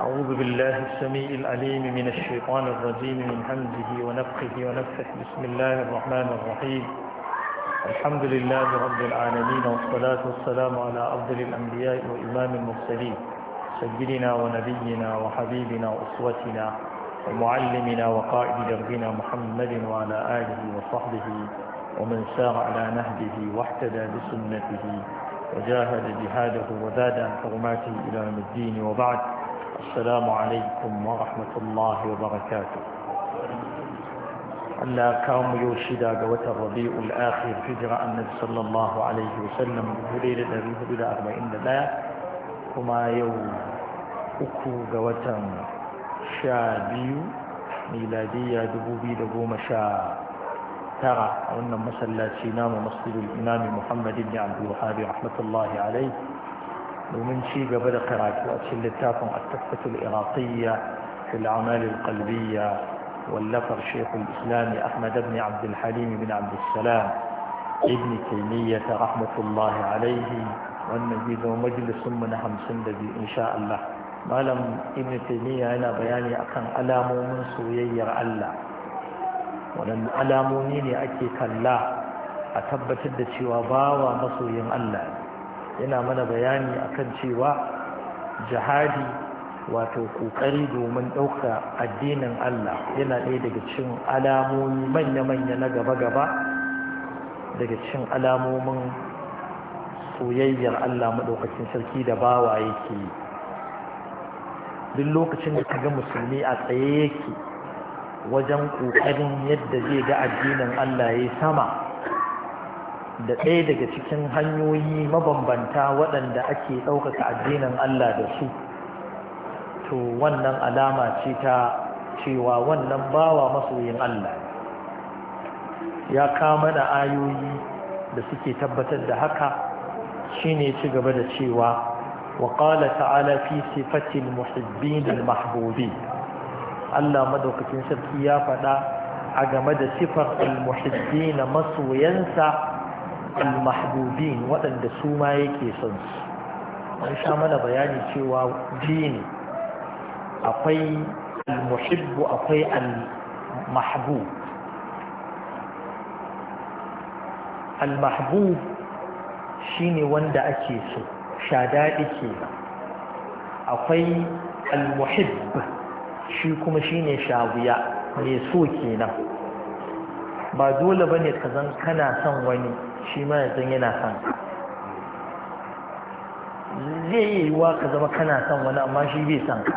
أعوذ بالله السميع العليم من الشيطان الرجيم من حمزه ونفخه ونفخه بسم الله الرحمن الرحيم الحمد لله رب العالمين والصلاة والسلام على أفضل الأنبياء وإمام المرسلين سيدنا ونبينا وحبيبنا وأسوتنا ومعلمنا وقائد دربنا محمد وعلى آله وصحبه ومن سار على نهجه واحتدى بسنته وجاهد جهاده وزاد عن حرماته إلى يوم الدين وبعد السلام عليكم ورحمة الله وبركاته أن كام يوشدا قوت الربيع الآخر في جراء النبي صلى الله عليه وسلم هليل نبيه بلا أربع إن الله كما يو أكو قوتا شابي ميلادية دبوبي دبوم شا ترى أن مسلا سينام مصدر الإمام محمد بن عبد الوهاب رحمة الله عليه domin ci gaba da karatu a cikin littafin at-tafsir al-iraqiyya fi al-a'mal al-qalbiyya wallafar shaykh al-islam Ahmad ibn Abd al-Halim ibn Abd al-Salam ibn Taymiyyah rahmatullah alayhi wannan zai zama majalisun mu na 52 insha Allah malam ibn Taymiyyah yana bayani akan alamomin soyayyar Allah waɗanne alamomi ne ake kalla a tabbatar da cewa bawa masoyin Allah ne yana mana bayani akan cewa jihadi wato kokari domin ɗauka addinin Allah yana ɗaya daga cikin alamomi manya-manya na gaba-gaba daga cikin alamomin soyayyar Allah maɗaukacin sarki da bawa yake duk lokacin da kaga musulmi a tsaye yake wajen ƙoƙarin yadda zai ga addinin Allah ya sama da ɗaya daga cikin hanyoyi mabambanta waɗanda ake ɗaukaka addinin Allah da su to wannan alama ce ta cewa wannan bawa masoyin Allah ya kama da ayoyi da suke tabbatar da haka shine ci gaba da cewa ta'ala وقال تعالى في allah المحبين sarki ya faɗa a game da sifar al المحبين masoyansa al-mahbubin waɗanda su ma yake son su an sha mana bayani cewa dini akwai al-muhibbu akwai al-mahbub al-mahbub shine wanda ake so shadaɗi ke akwai al-muhibb shi kuma shine shaguya mai so kenan ba dole bane ka zan kana son wani shi ma ya san yana son zai iya yiwuwa ka zama kana son wani amma shi bai son ka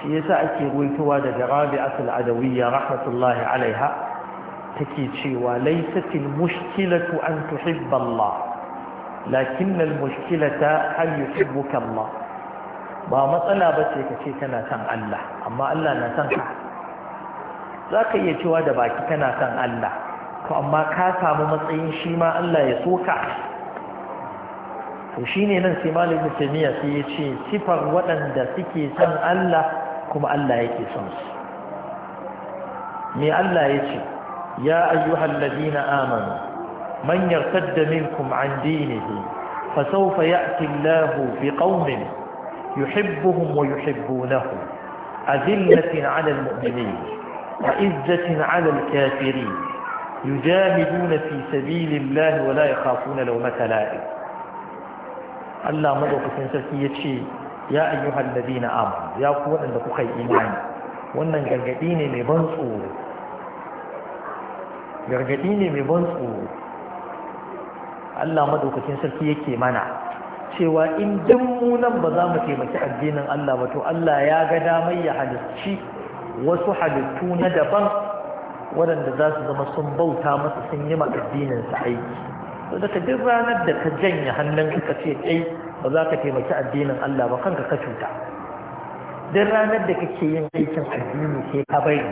shi yasa ake ruwaitowa daga rabi'atul adawiyya rahmatullahi alaiha take cewa laysatil mushkilatu an tuhibba Allah lakin al mushkilata hal yuhibbuka Allah ba matsala ba ce kace kana son Allah amma Allah na son ka zaka iya cewa da baki kana son Allah to amma ka samu matsayin shi ma Allah ya soka to shine nan sai malam ibn taymiya sai ya ce sifar waɗanda suke son Allah kuma Allah yake son su me Allah ya ce ya ayyuhal ladina amanu man yartadda minkum an dinihi fasawfa ya'ti Allahu biqaumin yuhibbuhum wa yuhibbunahu أذلة على المؤمنين وعزة على الكافرين yujahiduna fi sabilillahi wala yakhafuna lawmata la'ib Allah madaukakin sarki yace ya ayyuhal ladina amanu ya ku waɗanda kuka yi imani wannan gargadi ne mai ban tsoro gargadi ne mai ban tsoro Allah madaukakin sarki yake mana cewa in duk mu nan ba za mu taimaki addinin Allah ba to Allah ya ga damar ya halicci wasu halittu na daban waɗanda za su zama sun bauta masa sun yi ma addininsa aiki to da ka duk ranar da ka janye hannun ka ce kai ba za ka taimaki addinin Allah ba kanka ka cuta duk ranar da kake yin aikin addini sai ka bari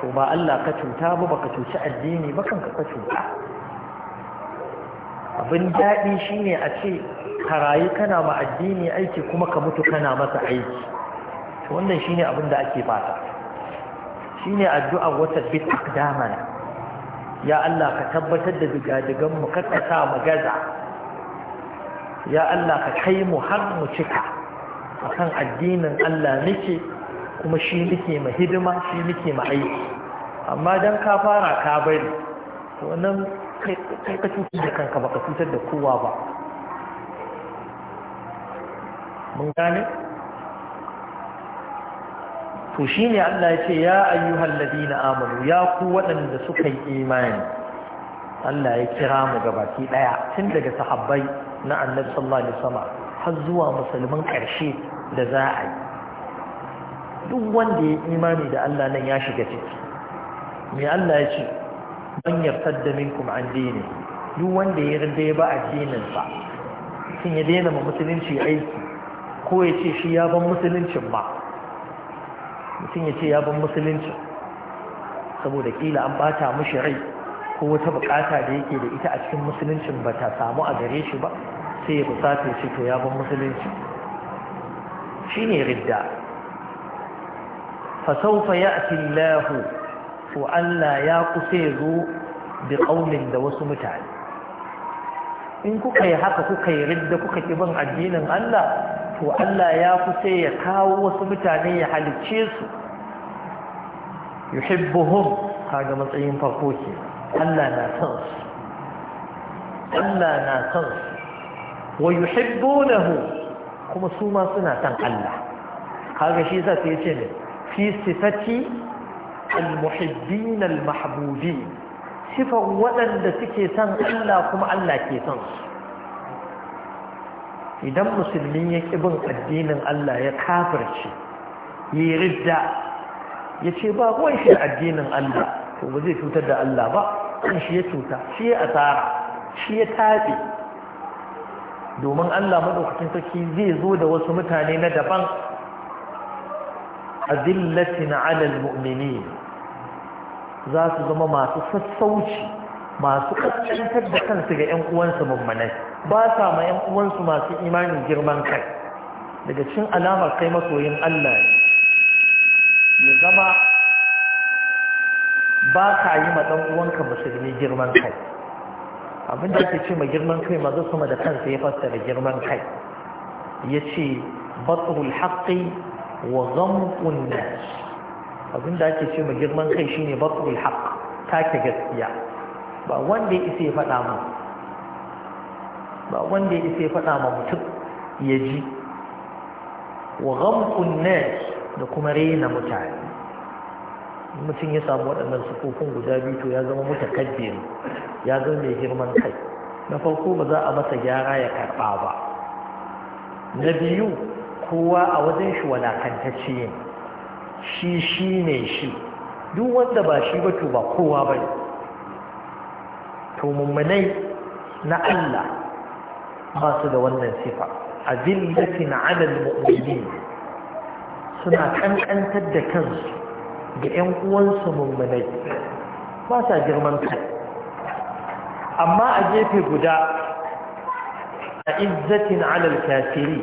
to ba Allah ka cuta ba baka cuci addini ba kanka ka cuta abin daɗi shine a ce ka rayu kana ma addini aiki kuma ka mutu kana masa aiki to wannan shine abin da ake fata ne addu'a wata bit aqdamana ya Allah ka tabbatar da digadigan mu kada gaza ya Allah ka kai mu har mu cika akan addinin Allah nake kuma shi nake ma hidima shi nake ma aiki amma dan ka fara ka bari wannan kai ka cutar da kanka baka cutar da kowa ba mun gane to shi ne Allah ya ce ya ayyuhal ladina amanu ya ku waɗanda suka yi imani Allah ya kira mu gabaki ɗaya. tun daga sahabbai na Annabi sallallahu alaihi har zuwa musulman ƙarshe da za a yi duk wanda ya imani da Allah nan ya shiga ciki me Allah ya ce man yartadda minkum an dini duk wanda ya rinda ya ba addinin sa ya daina musulunci aiki ko ya ce shi ya ban musuluncin ba mutum ya ce ya ban musulunci saboda kila an bata mushi rai ko wata bukata da yake da ita a cikin musuluncin ba ta samu a gare shi ba sai ya fusata ya ce to ya ban musulunci shine ridda fa sawfa ya'ti Allah to Allah ya kusa zo da ƙaunin da wasu mutane in kuka yi haka kuka yi ridda kuka ki ban addinin Allah to Allah ya fi sai ya kawo wasu mutane ya halicce su yuhibbuhum kaga matsayin farko ke Allah na son su Allah na son su wa yuhibbunahu kuma su ma suna son Allah kaga shi yasa sai ya ce ne fi sifati al-muhibbin al-mahbubin sifar waɗanda suke son Allah kuma Allah ke son su idan musulmi ya ƙi bin addinin Allah ya ya yi ridda ya ce ba kawai shi addinin Allah to ba zai cutar da Allah ba kan shi ya cuta shi ya asara shi ya taɓe domin Allah maɗaukacin sarki zai zo da wasu mutane na daban a azillatin alal mumini za su zama masu sassauci masu kaskantar da kansu ga 'yan uwansu mummanai ba sa ma 'yan uwansu masu imanin girman kai daga cin alamar kai masoyin Allah ya zama ba ka yi ma ɗan uwanka musulmi girman kai abinda ake ce ma girman kai mazu sama da kansa ya fassara girman kai ya ce batsarul haƙƙi wa zamƙun nas abinda ake ce ma girman kai shine batsarul haƙƙi take gaskiya ba wanda ya isa ya faɗa mu ba wanda ya isa ya faɗa ma mutum ya ji wa gamkun ne da kuma rena mutane mutum ya samu waɗannan sukukun guda biyu to ya zama mutakabbiri ya zama mai girman kai na farko ba za a masa gyara ya karɓa ba na biyu kowa a wajen shi walakantacce shi shi ne shi duk wanda ba shi ba to ba kowa ba ne to mummunai na Allah ba su da wannan sifa azillatin ala almu'minin suna kankantar da kansu ga ƴan uwansu mummunai ba sa girman kai amma a gefe guda a izzatin ala kafiri.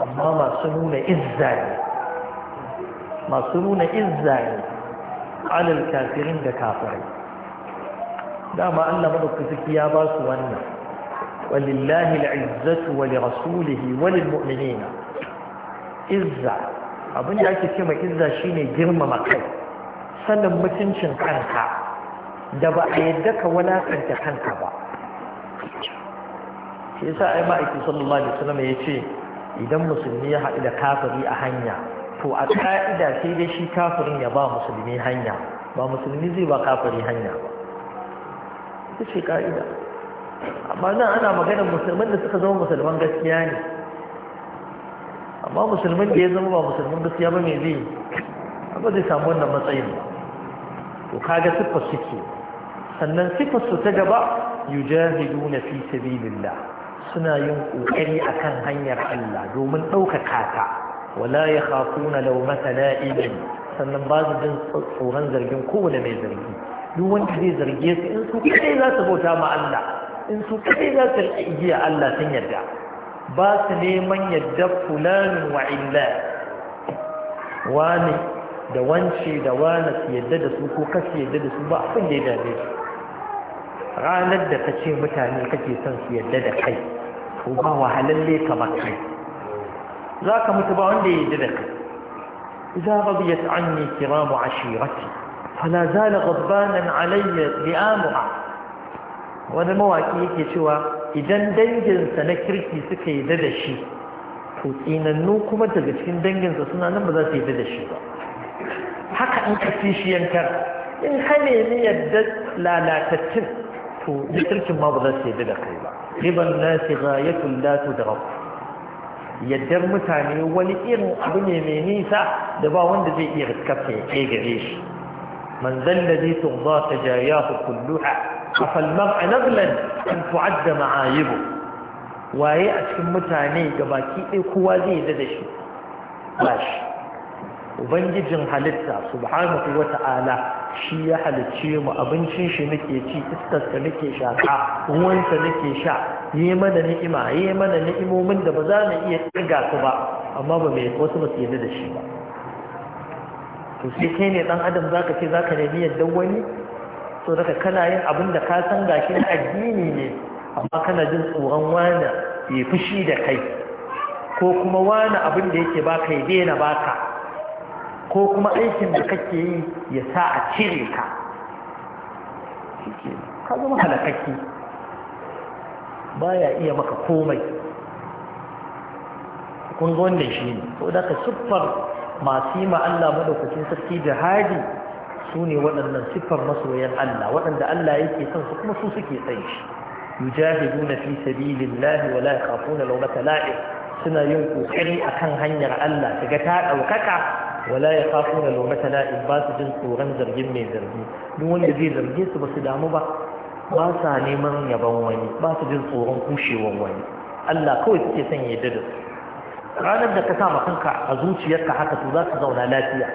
amma masu nuna izza ne masu nuna izza ne ala da kafirai dama Allah madaukaki ya ba su wannan walillahi al'izzatu wa li rasulihi wa lil mu'minina izza abin da ake cewa izza shine girmama kai sanin mutuncin kanka da ba a yadda ka walakanta kanka ba shi yasa ai ma'aiki sallallahu alaihi wasallam ya ce idan musulmi ya haɗu da kafiri a hanya to a ka'ida sai dai shi kafirin ya ba musulmi hanya ba musulmi zai ba kafiri hanya ba ita ce ka'ida amma nan ana maganar musulman da suka zama musulman gaskiya ne amma musulman da ya zama ba musulman gaskiya ba mai zai ba zai samu wannan matsayin ba to kaga siffar suke sannan siffar su ta gaba na fi sabilillah suna yin kokari akan hanyar Allah domin ɗaukaka ta wala ya yakhafuna law matala'ibin sannan ba su jin tsoron zargin kowane mai zargi duk wanda zai zarge su in su kadai za su bauta ma Allah in su kadai za su igiya Allah sun yarda ba su neman yarda fulanin wa illa wani da wance da wani su yarda da su ko kasu yarda da su ba abin da ya dame su ranar da ka ce mutane kake son su da kai ko ba wahalalle ka ba kai za ka mutu ba wanda ya yarda da kai إذا رضيت عني كرام عشيرتي fala zala gabbanan alayya li'amuha wani mawaki yake cewa idan danginsa na kirki suka yi da shi to tsinannu kuma daga cikin danginsa suna nan ba za su yi da shi ba haka in ka fi shi yankar in ka nemi yadda lalatattun to kirkin ma ba za su yi da kai ba riban nasi ghayatul la tudrab Yadda mutane wani irin abu ne mai nisa da ba wanda zai iya riskarta ya ke gare shi من ذا الذي ترضى سجاياه كلها أفالمرء نغلا أن تعد معايبه waye a cikin mutane gabaki ɗaya kowa zai yi da shi ubangijin halitta subhanahu ta'ala shi ya halicce mu abincin shi muke ci iskarsa muke shaka ruwansa muke sha yi mana ni'ima yi mana ni'imomin da ba za mu iya tsirga su ba amma ba mai wasu ba da shi ba to sai kai ne dan adam zaka ce zaka ne biyan wani so daga kana yin abin da ka san ga shi addini ne amma kana jin tsoron wani ya fushi da kai ko kuma wani abin da yake baka ya daina baka ko kuma aikin da kake yi ya sa a cire ka ka zama halakaki baya iya maka komai kun ga wannan shi ne da ka siffar masu yi Allah maɗaukacin sarki jihadi su ne waɗannan siffar masoyan Allah waɗanda Allah yake son su kuma su suke tsaye shi na fi sabilillahi wa la yakhafuna lawmata la'im suna yin kokari akan hanyar Allah daga ta daukaka wala yakhafuna lawmata la'im ba su jin tsoron zargin mai zargi duk wanda zai zarge su ba su damu ba ba sa neman yaban wani ba su jin tsoron kushewan wani Allah kawai suke son ya da su ranar da ka sa kanka a zuciyarka haka to za zauna lafiya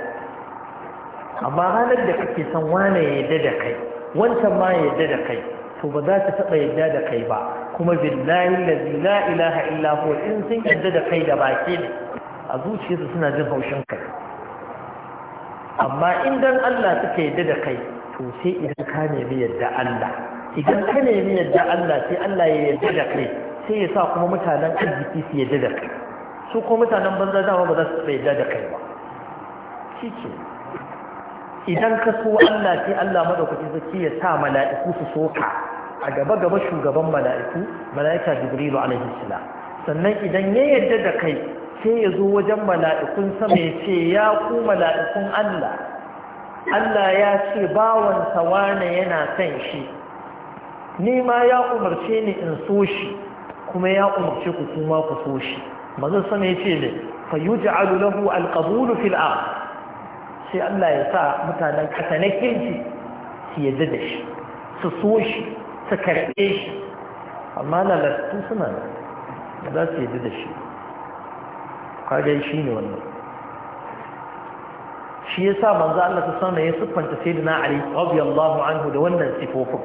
amma ranar da kake san wane ya yadda da kai wancan ma ya yadda da kai to ba za ta taɓa yadda da kai ba kuma billahi lazi la ilaha illa hu in sun yadda da kai da baki ne a zuciyarsu suna jin haushin kai amma in dan Allah suka yadda da kai to sai idan ka nemi yadda Allah idan ka nemi yadda Allah sai Allah ya yadda da kai sai ya sa kuma mutanen arziki su yadda da kai su ko mutanen banza dama ba za su tsaye da kai ba shi ke idan ka so Allah sai Allah madaukakin sarki ya sa mala'iku su soka a gaba gaba shugaban mala'iku mala'ika jibrilu alaihi salam sannan idan ya yarda da kai sai ya zo wajen mala'ikun sama ya ce ya ku mala'ikun Allah Allah ya ce bawansa wane yana son shi ni ma ya umarce ni in so shi kuma ya umarce ku kuma ku so shi Mazan sama ya ce ne fa yuj'alu lahu alqabulu fil ard sai Allah ya sa mutanen kasa na kirki su yadda da shi su so shi su karɓe shi amma lalatu suna da za su yadda da shi kaga shi ne wannan shi ya sa manzo Allah ta sama ya siffanta sayyidina Ali radiyallahu anhu da wannan sifofin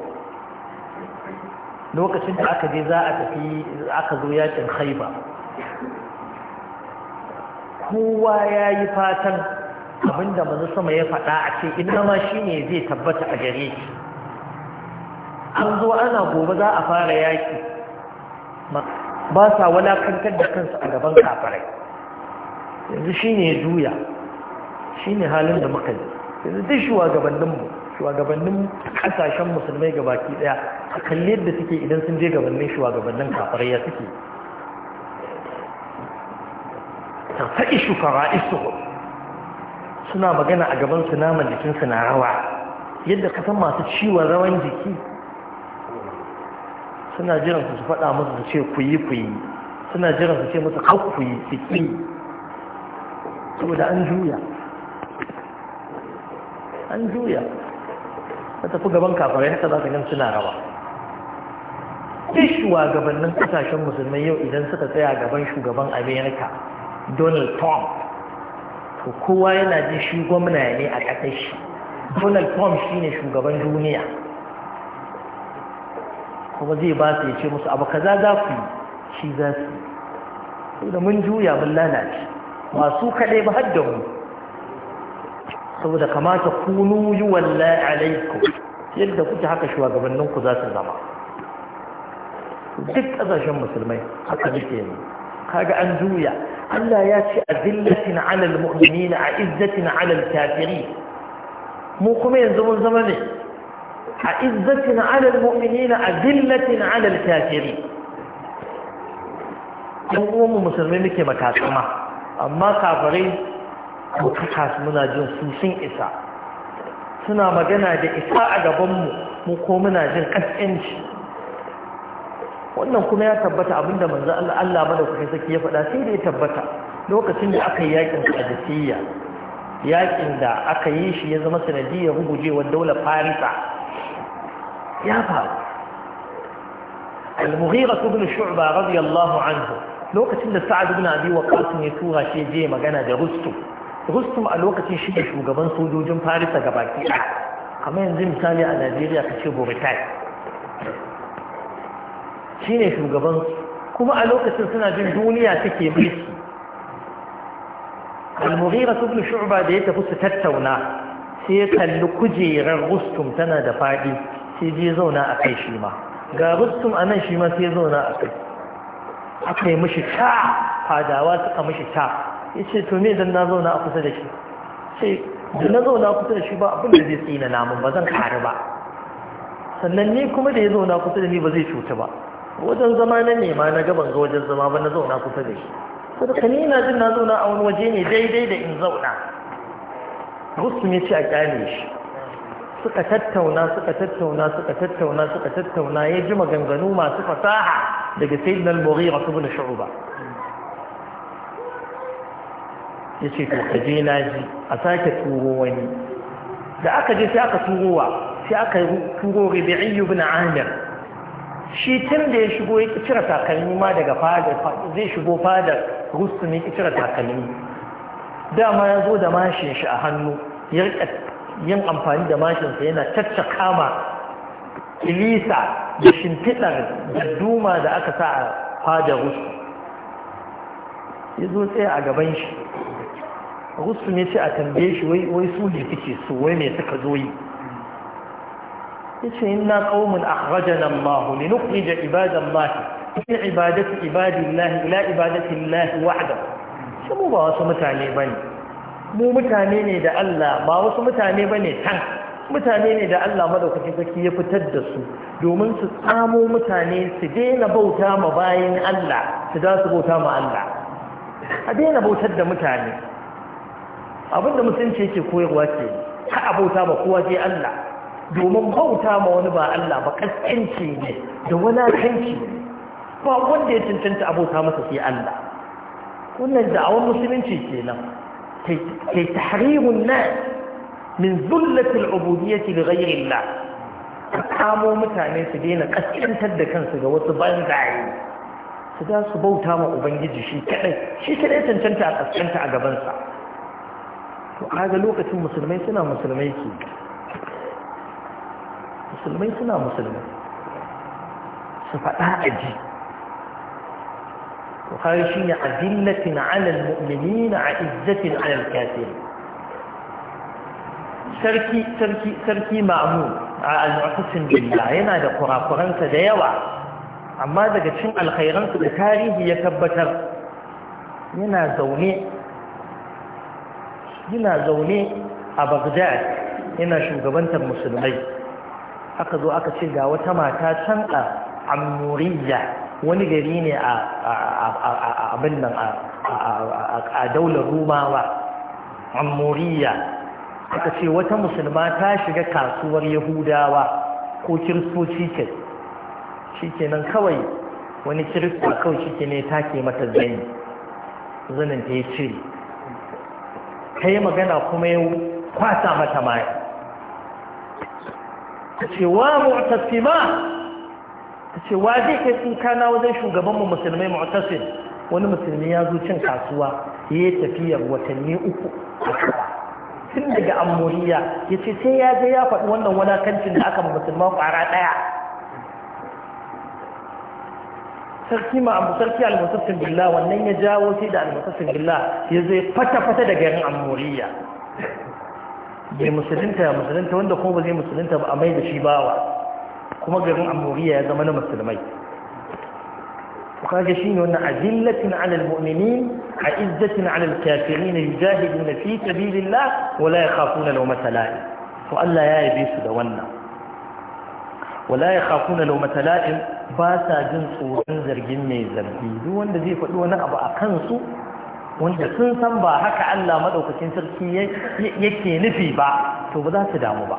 lokacin da aka je za a tafi aka zo yakin haiba. kowa ya yi fatan abinda manzo sama ya faɗa a ce inna ma shi ne zai tabbata a gare shi an zo ana gobe za a fara yaki ba sa walakantar da kansu a gaban kafarai yanzu shi ne juya shi ne halin da muka yi yanzu duk shugabanninmu shugabannin kasashen musulmai gabaki daya a kalli yadda suke idan sun je gabanin shugabannin kafarai ya suke shukara fara'isuhum suna magana a gaban su naman jikin su na rawa yadda ka san masu ciwon rawan jiki suna jiran su faɗa musu su ce ku yi ku yi suna jiran su ce musu har ku yi su saboda an juya an juya ta tafi gaban kafarai haka za ka gan suna rawa ishuwa gabanin kasashen musulmai yau idan suka tsaya gaban shugaban amerika donald trump to kowa yana ji shi gwamna ne a ƙasar shi donald trump shi ne shugaban duniya kuma zai ba su ya ce musu abu kaza za ku yi shi za su da mun juya mun lalace masu kaɗai ba har da mu saboda kamata kunu yi walla alaikum yadda kuke haka ku za su zama duk ƙasashen musulmai haka muke ne kaga an juya Allah ya ce a azillatin alal mu'minina a izzatin alal kafiri mu kuma yanzu mun zama ne a izzatin alal a azillatin alal kafiri kuma mu musulmi muke makasama amma kafirai ko kakas muna jin su sun isa suna magana da isa a gabanmu mu ko muna jin ƙasƙanci wannan kuma ya tabbata abinda manzo Allah Allah madaukakin saki ya faɗa sai da ya tabbata lokacin da aka yi yakin Qadisiyya yakin da aka yi shi ya zama sanadiyar rugujewar daular Farisa ya faru المغيرة بن شعبة رضي الله anhu lokacin da sa'ad ibn abi waqas ne tura shi je magana da rustum rustum a lokacin shi ne shugaban sojojin farisa gabaki ɗaya kamar yanzu misali a najeriya ka ce burtai Shi ne shugaban kuma a lokacin suna jin duniya take mulki al-mughira ibn shu'ba da ya tafi su tattauna sai ya kalli kujerar rustum tana da fadi sai je zauna a kai shi ma ga rustum anan shi ma sai zauna a kai aka yi mishi ta fadawa suka mishi ta ya ce to me dan na zauna a kusa da shi sai da na zauna a kusa da shi ba abin da zai tsina namun ba zan kare ba sannan ni kuma da ya zauna kusa da ni ba zai cuta ba wajen zama na nema na gaban ga wajen zama ba na zauna kusa da shi da kani na jin na zauna a wani waje ne daidai da in zauna Rusu ya ci a kyale shi suka tattauna suka tattauna suka tattauna suka tattauna ya ji maganganu masu fasaha daga sayyidina al-mughira ibn shu'ba yace to kaje na ji a sake turo wani da aka je sai aka turowa sai aka turo rabi'i ibn amir shi tun da ya shigo ya cire takalmi ma daga fadar zai shigo fadar rustum ya cire takalmi dama ya zo da mashin shi a hannu yin amfani da mashinsa yana cacca kama, kilisa da shimfiɗar da duma da aka sa a fadar rustu ya zo tsaye a gaban shi rustu ya ce a tambaye shi wai su ne suke su wai mai suka zo yi yace inna qaumun akhrajana Allah linukhrij ibada Allah min ibadati ibadillah ila ibadati Allah wahda shi mu ba wasu mutane bane mu mutane ne da Allah ba wasu mutane bane tan mutane ne da Allah madaukaki saki ya fitar da su domin su tsamo mutane su daina bauta ma bayin Allah su da su bauta ma Allah a daina bautar da mutane abinda musulunci yake koyarwa ce ka abauta ba kowa je Allah domin bauta ma wani ba Allah ba kaskanci ne da wulakanci ba wanda ya cancanta abota masa sai Allah wannan da'awar musulunci kenan kai tahrimun na min zullatil ubudiyyati li ghayri kamo mutane su daina kaskantar da kansu ga wasu bangaye su da su bauta ma ubangiji shi kadai shi kadai cancanta a kaskanta a gabansa to kaga lokacin musulmai suna musulmai ke musulmai suna musulmai su faɗa a ji to kare shi ne adillatin alal mu'minina a izzatin alal kafir sarki sarki sarki ma'amu a al billah yana da kurakuransa da yawa amma daga cin alkhairansa da tarihi ya tabbatar yana zaune yana zaune a Baghdad yana shugabantar musulmai aka zo aka ce ga wata mata can a amuriya wani gari ne a abin nan a daular rumawa amuriya aka ce wata musulma ta shiga kasuwar yahudawa ko kiristoci ke shi nan kawai wani kirista kawai shi ke ne ke mata zani zanen ta ya cire ta yi magana kuma ya kwasa mata mai ta ce wa mu'tasima ta ce wa zai kai tsinkana wajen shugaban mu musulmai mu'tasim wani musulmi ya zo cin kasuwa ya tafiyar watanni uku tun daga amuriya ya ce sai ya je ya faɗi wannan wadakancin da aka ma musulman fara ɗaya sarki ma abu sarki almutassin billah wannan ya jawo sai da almutassin billah ya zai fata-fata da garin amuriya bai musulunta musulunta wanda ko ba zai musulunta ba a mai da shi bawa kuma garin amuriya ya zama na musulmai kaga shine wannan azillatin alal mu'minin a izzatin alal kafirin yujahidun fi sabilillah wa la yakhafuna lawmata la'in to Allah ya yabe su da wannan wa la yakhafuna lawmata la'in ba sa jin tsoron zargin mai zargi duk wanda zai faɗi wani abu akan su wanda sun san ba haka Allah maɗaukacin sarki yake nufi ba to ba za su damu ba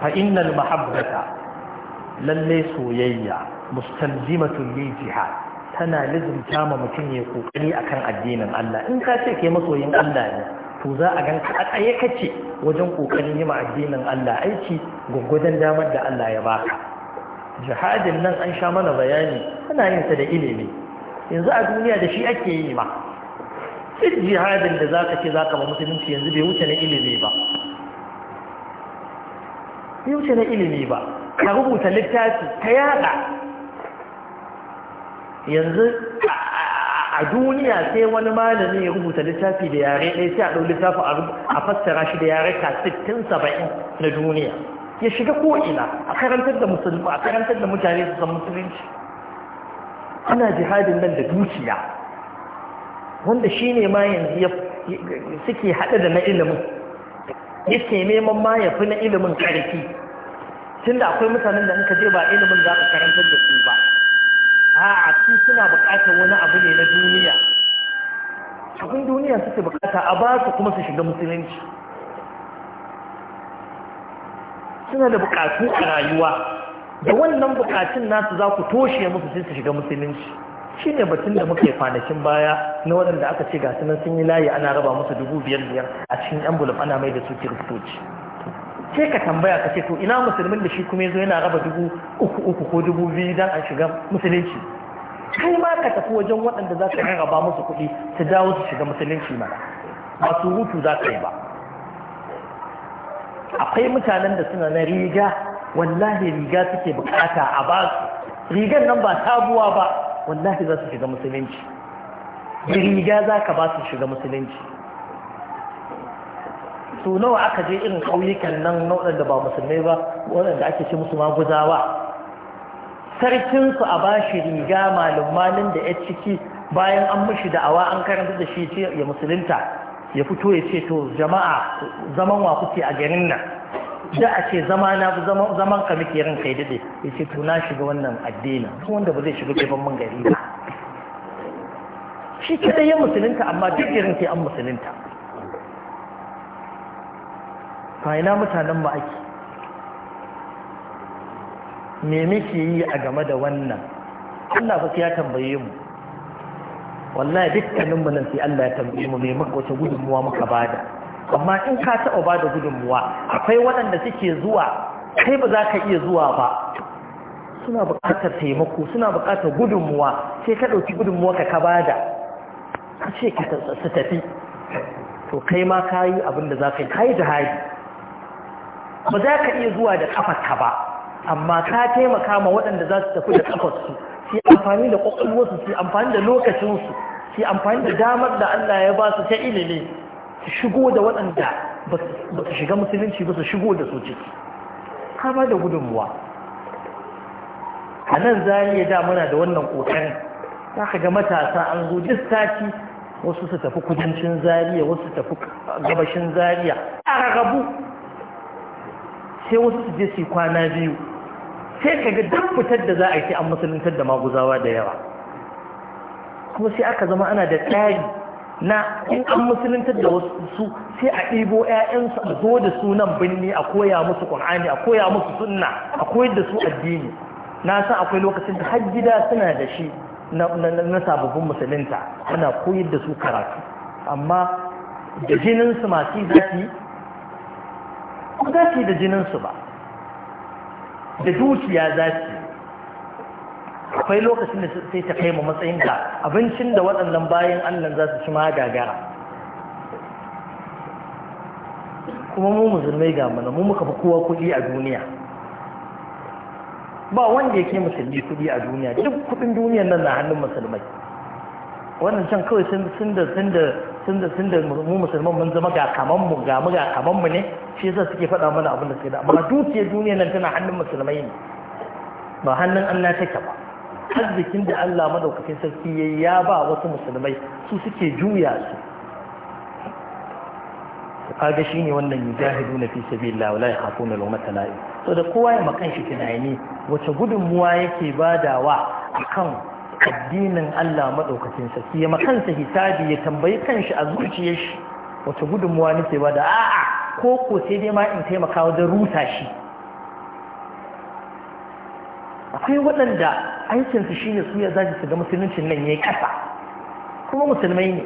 fa innal mahabbata lalle soyayya mustalzimatu lil jihad tana lazim kama mutum ya kokari akan addinin Allah in ka ce kai masoyin Allah ne to za a ganka a tsaye kace wajen kokarin yi ma addinin Allah aiki gwaggwadon damar da Allah ya baka jihadin nan an sha mana bayani ana yin sa da ilimi yanzu a duniya da shi ake yi ma duk jihadin da za ka ce za ka ba musulunci yanzu bai wuce na ilimi ba bai wuce na ilimi ba ka rubuta littafi ka yada yanzu a duniya sai wani malami ya rubuta littafi da yare ɗaya sai a ɗau littafi a fassara shi da yare ka 60-70 na duniya ya shiga ko'ina a karantar da musulmi a karantar da mutane su san musulunci ana jihadin nan da dukiya wanda shi ne ma yanzu suke haɗa da na ilimin yake neman ma ya fi na ilimin ƙarfi tun da akwai mutanen da aka je ba ilimin za ka karantar da su ba a su suna buƙatar wani abu ne na duniya abin duniya suke buƙata a ba su kuma su shiga musulunci suna da buƙatu a rayuwa da wannan bukatun nasu za ku toshe musu sai su shiga musulunci shi ne batun da muka yi kwanakin baya na waɗanda aka ce ga sunan sun yi layi ana raba musu dubu biyar biyar a cikin ambulaf ana mai da su kiristoci sai ka tambaya ka ce to ina musulmin da shi kuma ya zo yana raba dubu uku uku ko dubu biyu dan a shiga musulunci kai ma ka tafi wajen waɗanda za ka raba musu kuɗi su dawo su shiga musulunci mana ba su hutu za ka yi ba akwai mutanen da suna na riga wallahi riga suke bukata a ba su rigar nan ba sabuwa ba wallahi za su shiga musulunci riga za ka ba su shiga musulunci su nawa aka je irin ƙauyukan nan waɗanda ba musulmai ba waɗanda ake ce musu maguzawa sarkinsu a ba shi riga malin da ya ciki bayan an da da'awa an karanta da shi ya musulunta ya fito ya ce to jama'a zaman wa kuke a garin nan da a ce zama na zaman ka muke ran kai dade ya ce to na shiga wannan addini kuma wanda ba zai shiga gaban mun gari ba shi kadai ya musulunta amma duk irin sai an musulunta fa ina mutanen mu ake me muke yi a game da wannan Allah ba ya tambaye mu wallahi dukkanin mu nan sai Allah ya tambaye mu me muka wace gudunmuwa muka bada amma in ka taɓa ba da gudunmuwa akwai waɗanda suke zuwa kai ba za ka iya zuwa ba suna buƙatar taimako suna buƙatar gudunmuwa sai ka ɗauki gudunmuwa ka ka ba da ka ce ka su tafi to kai ma ka yi abin da za ka yi ka yi jihadi ba za ka iya zuwa da ƙafarka ba amma ka taimaka ma waɗanda za su tafi da ƙafarsu sai amfani da ƙwaƙwalwarsu sai amfani da lokacinsu sai amfani da damar da Allah ya ba su ta ilimi shigo da waɗanda ba su shiga musulunci ba su shigo da su ciki kama da gudunmuwa a nan zariya da muna da wannan ƙoƙarin za ka ga matasa an zo duk sati wasu su tafi kudancin zariya wasu su tafi gabashin zariya a ragabu sai wasu su je su kwana biyu sai ka ga duk fitar da za a yi an musuluntar da maguzawa da yawa kuma sai aka zama ana da tsari na in an musulunta da wasu sai a ɗibo 'ya'yansu a zo da sunan birni a koya musu ƙur'ani a koya musu sunna a koyar da su addini na san akwai lokacin da har gida suna da shi na sababbin musulunta ana koyar da su karatu amma da jininsu masu zafi ba zafi da jininsu ba da dukiya zafi akwai lokacin da sai ta kai mu matsayin ka abincin da waɗannan bayan Allah za su ci ma gagara kuma mu musulmai ga mana mu muka fi kowa kuɗi a duniya ba wanda yake musulmi kuɗi a duniya duk kuɗin duniyar nan na hannun musulmai wannan can kawai sun da sun da sun da sun da mu musulman mun zama ga kaman mu ga mu ga kaman mu ne shi yasa suke faɗa mana abin da suke da amma dukiyar duniyar nan tana hannun musulmai ne ba hannun Allah take ba arzikin da Allah madaukakin sarki yayi ya ba wasu musulmai su suke juya su kaga shine wannan na fi sabilillah wala yakhafuna lawmata la'im to da kowa ya makan shi tunani wace gudunmuwa yake badawa akan addinin Allah madaukakin sarki ya sa hisabi ya tambayi kanshi a zuciyar shi wace gudunmuwa nake bada a'a ko ko sai dai ma in taimaka wajen rusa shi akwai waɗanda aikinsu shi ne su ya zaji su ga musuluncin nan ya yi ƙasa kuma musulmai ne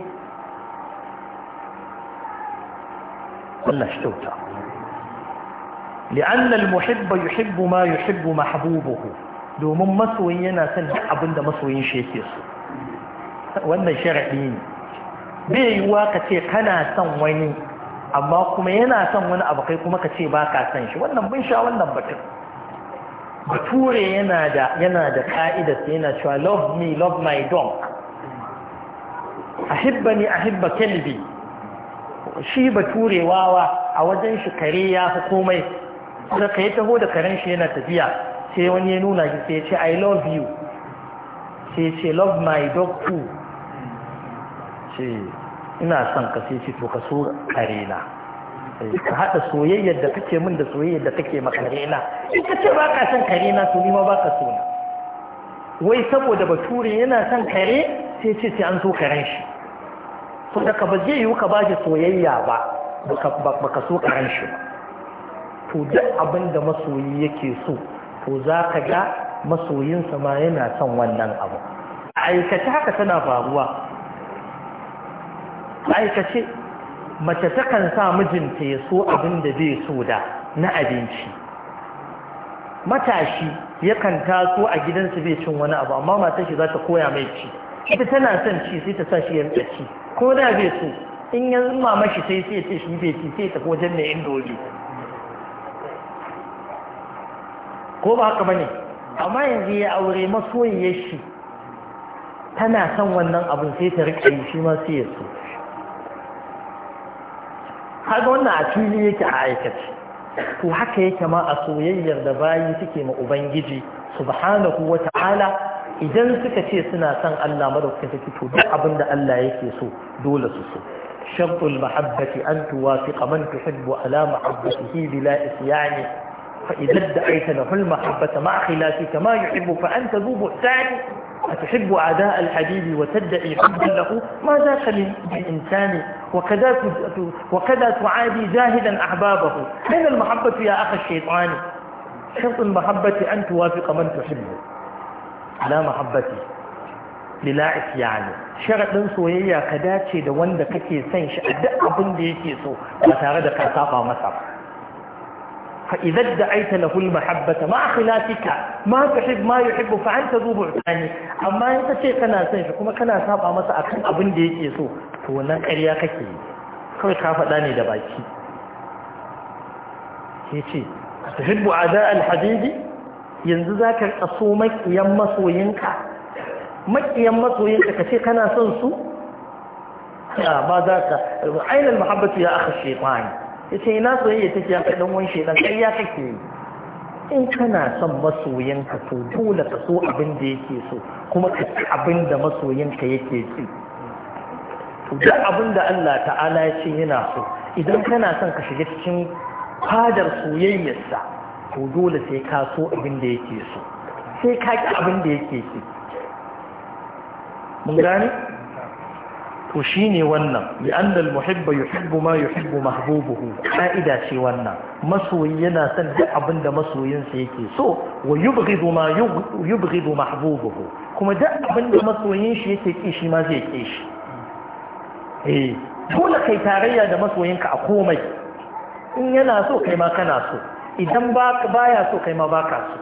Allah shi kyauta li'annal muhibba yuhibbu ma yuhibbu mahbubuhu domin masoyi yana son duk abin masoyin shi yake so wannan sharaɗi ne bai yiwuwa ka ce kana son wani amma kuma yana son wani abu kuma ka ce ba ka son shi wannan sha wannan batun bature yana da yana da sai yana cewa love me love my dog ahibbani ahibba kalbi shi bature wawa a wajen shi kare ya fi komai da ka yi taho da karen shi yana tafiya sai wani ya nuna shi sai ya ce i love you sai ce love my dog too ce ina son ka sai ce to ka so kare na ka haɗa soyayyar da kake min da soyayyar da kake ma karena in ce ba ka son karena to ni ma ba ka so na wai saboda bature yana son kare sai ce sai an so karen shi so da ka ba zai yiwu ka bashi soyayya ba ba ka so karen shi ba to duk abin da masoyi yake so to za ka ga masoyinsa ma yana son wannan abu a aikace haka tana faruwa a aikace mace takan sa mijinta ya so abin da zai so da na abinci matashi yakan taso a gidansa zai cin wani abu amma matar shi za ta koya mai ci ita tana son ci sai ta sa shi ya ci ko da bai so in yanzu mamashi mashi sai sai ce shi bai ci sai ta wajen mai indomi ko ba haka bane amma yanzu ya aure masoyiyar shi tana son wannan abin sai ta rike shi ma sai ya so kaga wannan a fili yake a aikace to haka yake ma a soyayyar da bayi suke ma ubangiji subhanahu wa ta'ala idan suka ce suna son Allah madaukakin sarki to duk abin da Allah yake so dole su so shartul mahabbati an tuwafiqa man tuhibbu ala mahabbatihi bila isyani da hul mahabbata فإذا ادعيت له المحبة مع خلافك ما يحب فأنت ذو بهتان أتحب أعداء الحبيب وتدعي حبا له ما ذاك للإنسان وكذا وكذا تعادي جاهدا أحبابه أين المحبة يا أخ الشيطان شرط المحبة أن توافق من تحبه على محبته للا عصيان شرط سويا كذا شيء دوان دكتي سنش أدأ أبن ديكي سو وتارد كتابة مصر فإذا ادعيت له المحبة مع خلافك ما تحب ما يحب فأنت ذو بعتان أما أنت شيء كنا سنش كما كنا سابع مسا أكن أبن ديكي سو to wannan ƙarya kake kawai ka faɗa ne da baki Ke ce tuhibbu a al alhadidi. yanzu za ka kaso maƙiyan masoyinka Maƙiyan masoyinka ka ce kana son su ba za ka aina al ya aka akhi Ya ce ina soyayya take ya kai dan wani shaytan Ƙarya kake yi. in kana son masoyinka to dole ka so abin da yake so kuma ka ci abin da masoyinka yake ci to duk abin da Allah ta'ala ya ce yana so idan kana son ka shiga cikin fadar soyayyarsa to dole sai ka so abin da yake so sai ka ki abin da yake ki mun gane to shine wannan bi anna al muhibba yuhibbu ma yuhibbu mahbubuhu ka'ida ce wannan masoyi yana son duk abin da masoyinsa yake so wa yubghidu ma yubghidu mahbubuhu kuma duk abin da masoyin shi yake ki shi ma zai ki shi eh dole kai tarayya da masoyinka a komai in yana so kai ma kana so idan baya so kai ma baka so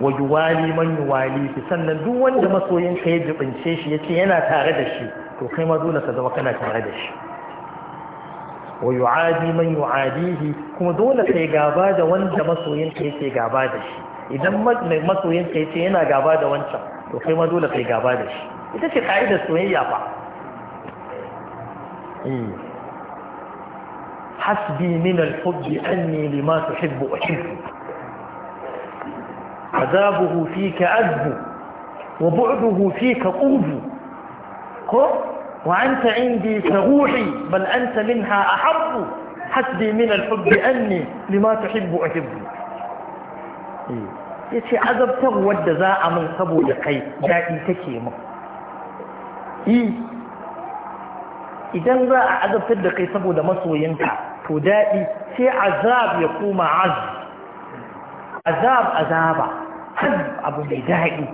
wa yuwali man yuwali fi sannan duk wanda masoyinka ya jibince shi yace yana tare da shi to kai ma dole ka zama kana tare da shi wa yu'adi man yu'adihi kuma dole kai gaba da wanda masoyinka yake gaba da shi idan masoyinka yace yana gaba da wancan to kai ma dole kai gaba da shi ita ce ka'idar soyayya fa hmm. hasbi min al-hubbi anni lima tuhibbu uhibbu عذابه فيك عذب وبعده فيك قرب وأنت عندي كروحي بل أنت منها أحب حسبي من الحب أني لما تحب أحب يتي عذب تغوى ذا من قبو لقي جائي تكيمه yi idan za a azabtar da kai saboda masoyinka to daɗi sai azab ya koma az azab azaba har abu mai daɗi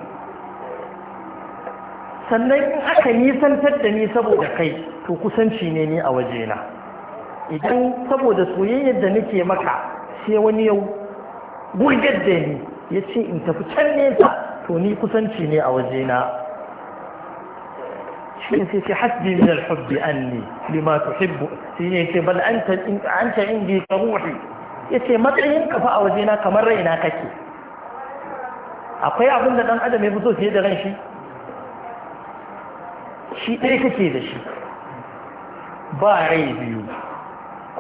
sannan in aka nisantar da ni saboda kai to kusanci ne ni a wajena idan saboda soyayyar da nake maka sai wani yau gurgar da ni ya ce in tafi can nesa to ni kusanci ne a wajena shi sai ce hasbi min al-hubbi anni lima tuhibbu sai ne ce bal anta anta indi ka ruhi yace matsayin ka fa a wajena kamar raina kake akwai abin da dan adam ya fito fiye da ran shi shi ɗaya kake da shi ba rai biyu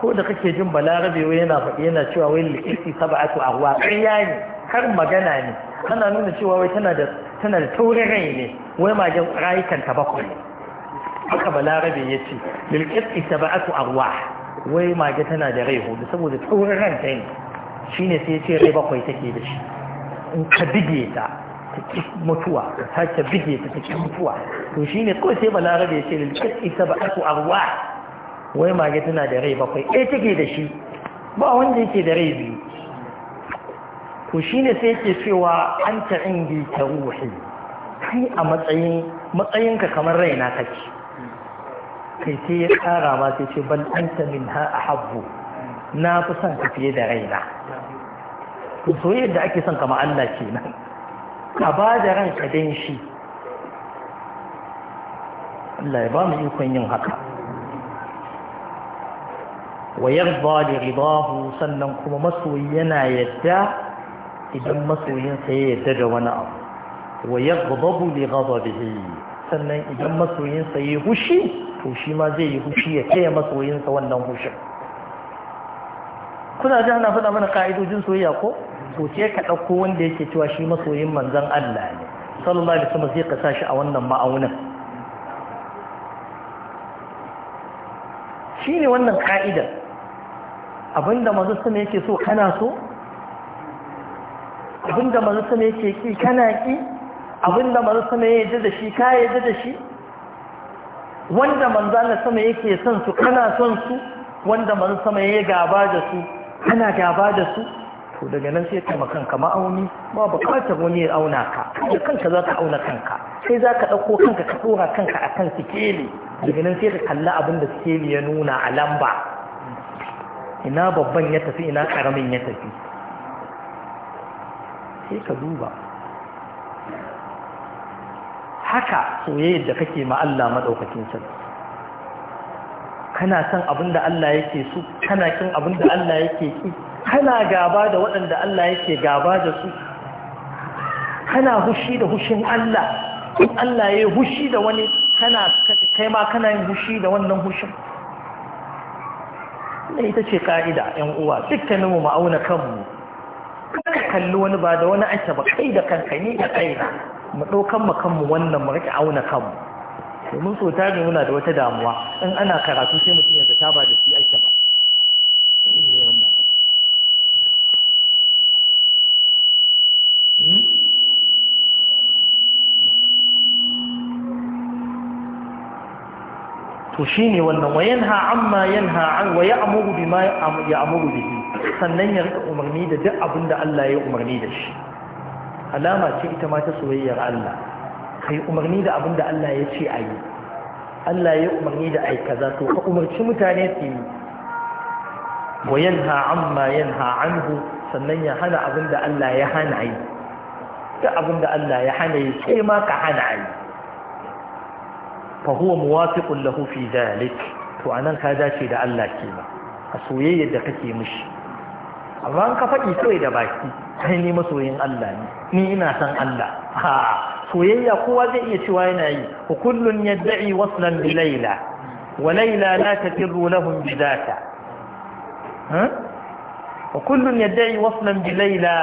ko da kake jin balarabe wai yana faɗi yana cewa wai likisi sab'atu ahwa ƙarya ne har magana ne ana nuna cewa wai tana da tana da taurin rai ne wai magen rayukan ta bakwai haka balarabe ya ce bilkis saba'atu arwa wai mage tana da rai hudu saboda tsaurin ranta ne shine sai ce rai bakwai take da shi in ka bige ta ta mutuwa ta ka bige ta ta mutuwa to shine kawai sai balarabe ya ce bilkis saba'atu arwa wai mage tana da rai bakwai ɗaya take da shi ba wanda yake da rai biyu shi shine sai ke cewa an ta ingi ta ruhi kai a matsayin matsayinka kamar raina kake kai sai ya ƙara ma sai ce ban anta min ha ahabbu na fi son ka fiye da raina to soyayyar da ake son kama Allah kenan ka ba da ranka dan shi Allah ya ba mu ikon yin haka wa yarda li ridahu sannan kuma masoyi yana yadda idan masoyinsa ya yadda da wani abu wa yaghdabu li ghadabihi sannan idan masoyinsa ya yi hushi to shi ma zai yi hushi ya taya masoyinsa wannan hushin kuna ji ana faɗa mana ka'idojin soyayya ko to sai ka ɗauko wanda yake cewa shi masoyin manzan Allah ne sallallahu alaihi wasallam sai ka sa shi a wannan ma'aunin shine wannan ka'idar abinda manzon sama yake so kana so abinda manzon sama yake ki kana ki abinda manzon sama ya da shi ka yarda da shi wanda manzo Allah sama yake son su kana son su wanda manzo sama yake gaba da su kana gaba da su to daga nan sai ka makan ka ma'auni ba bukatar wani ya auna ka da kanka za ka auna kanka sai za ka ɗauko kanka ka tsora kanka a kan sikeli daga nan sai ka kalli abin da sikeli ya nuna a lamba ina babban ya tafi ina ƙaramin ya tafi sai ka duba haka soyayyar da kake ma Allah madaukakin sarki kana son abin da Allah yake su? kana kin abin da Allah yake ki kana gaba da waɗanda Allah yake gaba da su kana hushi da hushin Allah in Allah ya yi hushi da wani kai ma kana yin hushi da wannan hushin da ita ce ƙa'ida yan uwa dukkanin mu ma'auna kanmu ka kalli wani ba da wani ake ba kai da kankani ni da kaina mu ɗaukan mu kanmu wannan mu rike auna kanmu domin so ta muna da wata damuwa in ana karatu sai mutum ya zata ba da shi ake ba hmm? to shi ne wannan wa yanha amma yanha an wa ya bima ya'muru bihi sannan ya rika umarni da duk abin da Allah ya umarni da shi alama ce ita ma ta soyayyar Allah kai umarni da abin da Allah ya ce a yi Allah ya umarni da ai kaza to ka umarci mutane su yi wa yanha amma yanha anhu sannan ya hana abin da Allah ya hana yi ta abin da Allah ya hana yi sai ma ka hana yi fa huwa muwafiqun lahu fi dhalik to anan ka dace da Allah kenan a soyayyar da kake mishi amma an ka faɗi kawai da baki kai ne masoyin Allah ne ni ina san Allah ha soyayya kowa zai iya cewa yana yi wa kullun yad'i waslan bi layla wa layla la takirru lahum bi dhaka ha wa kullun yad'i waslan bi layla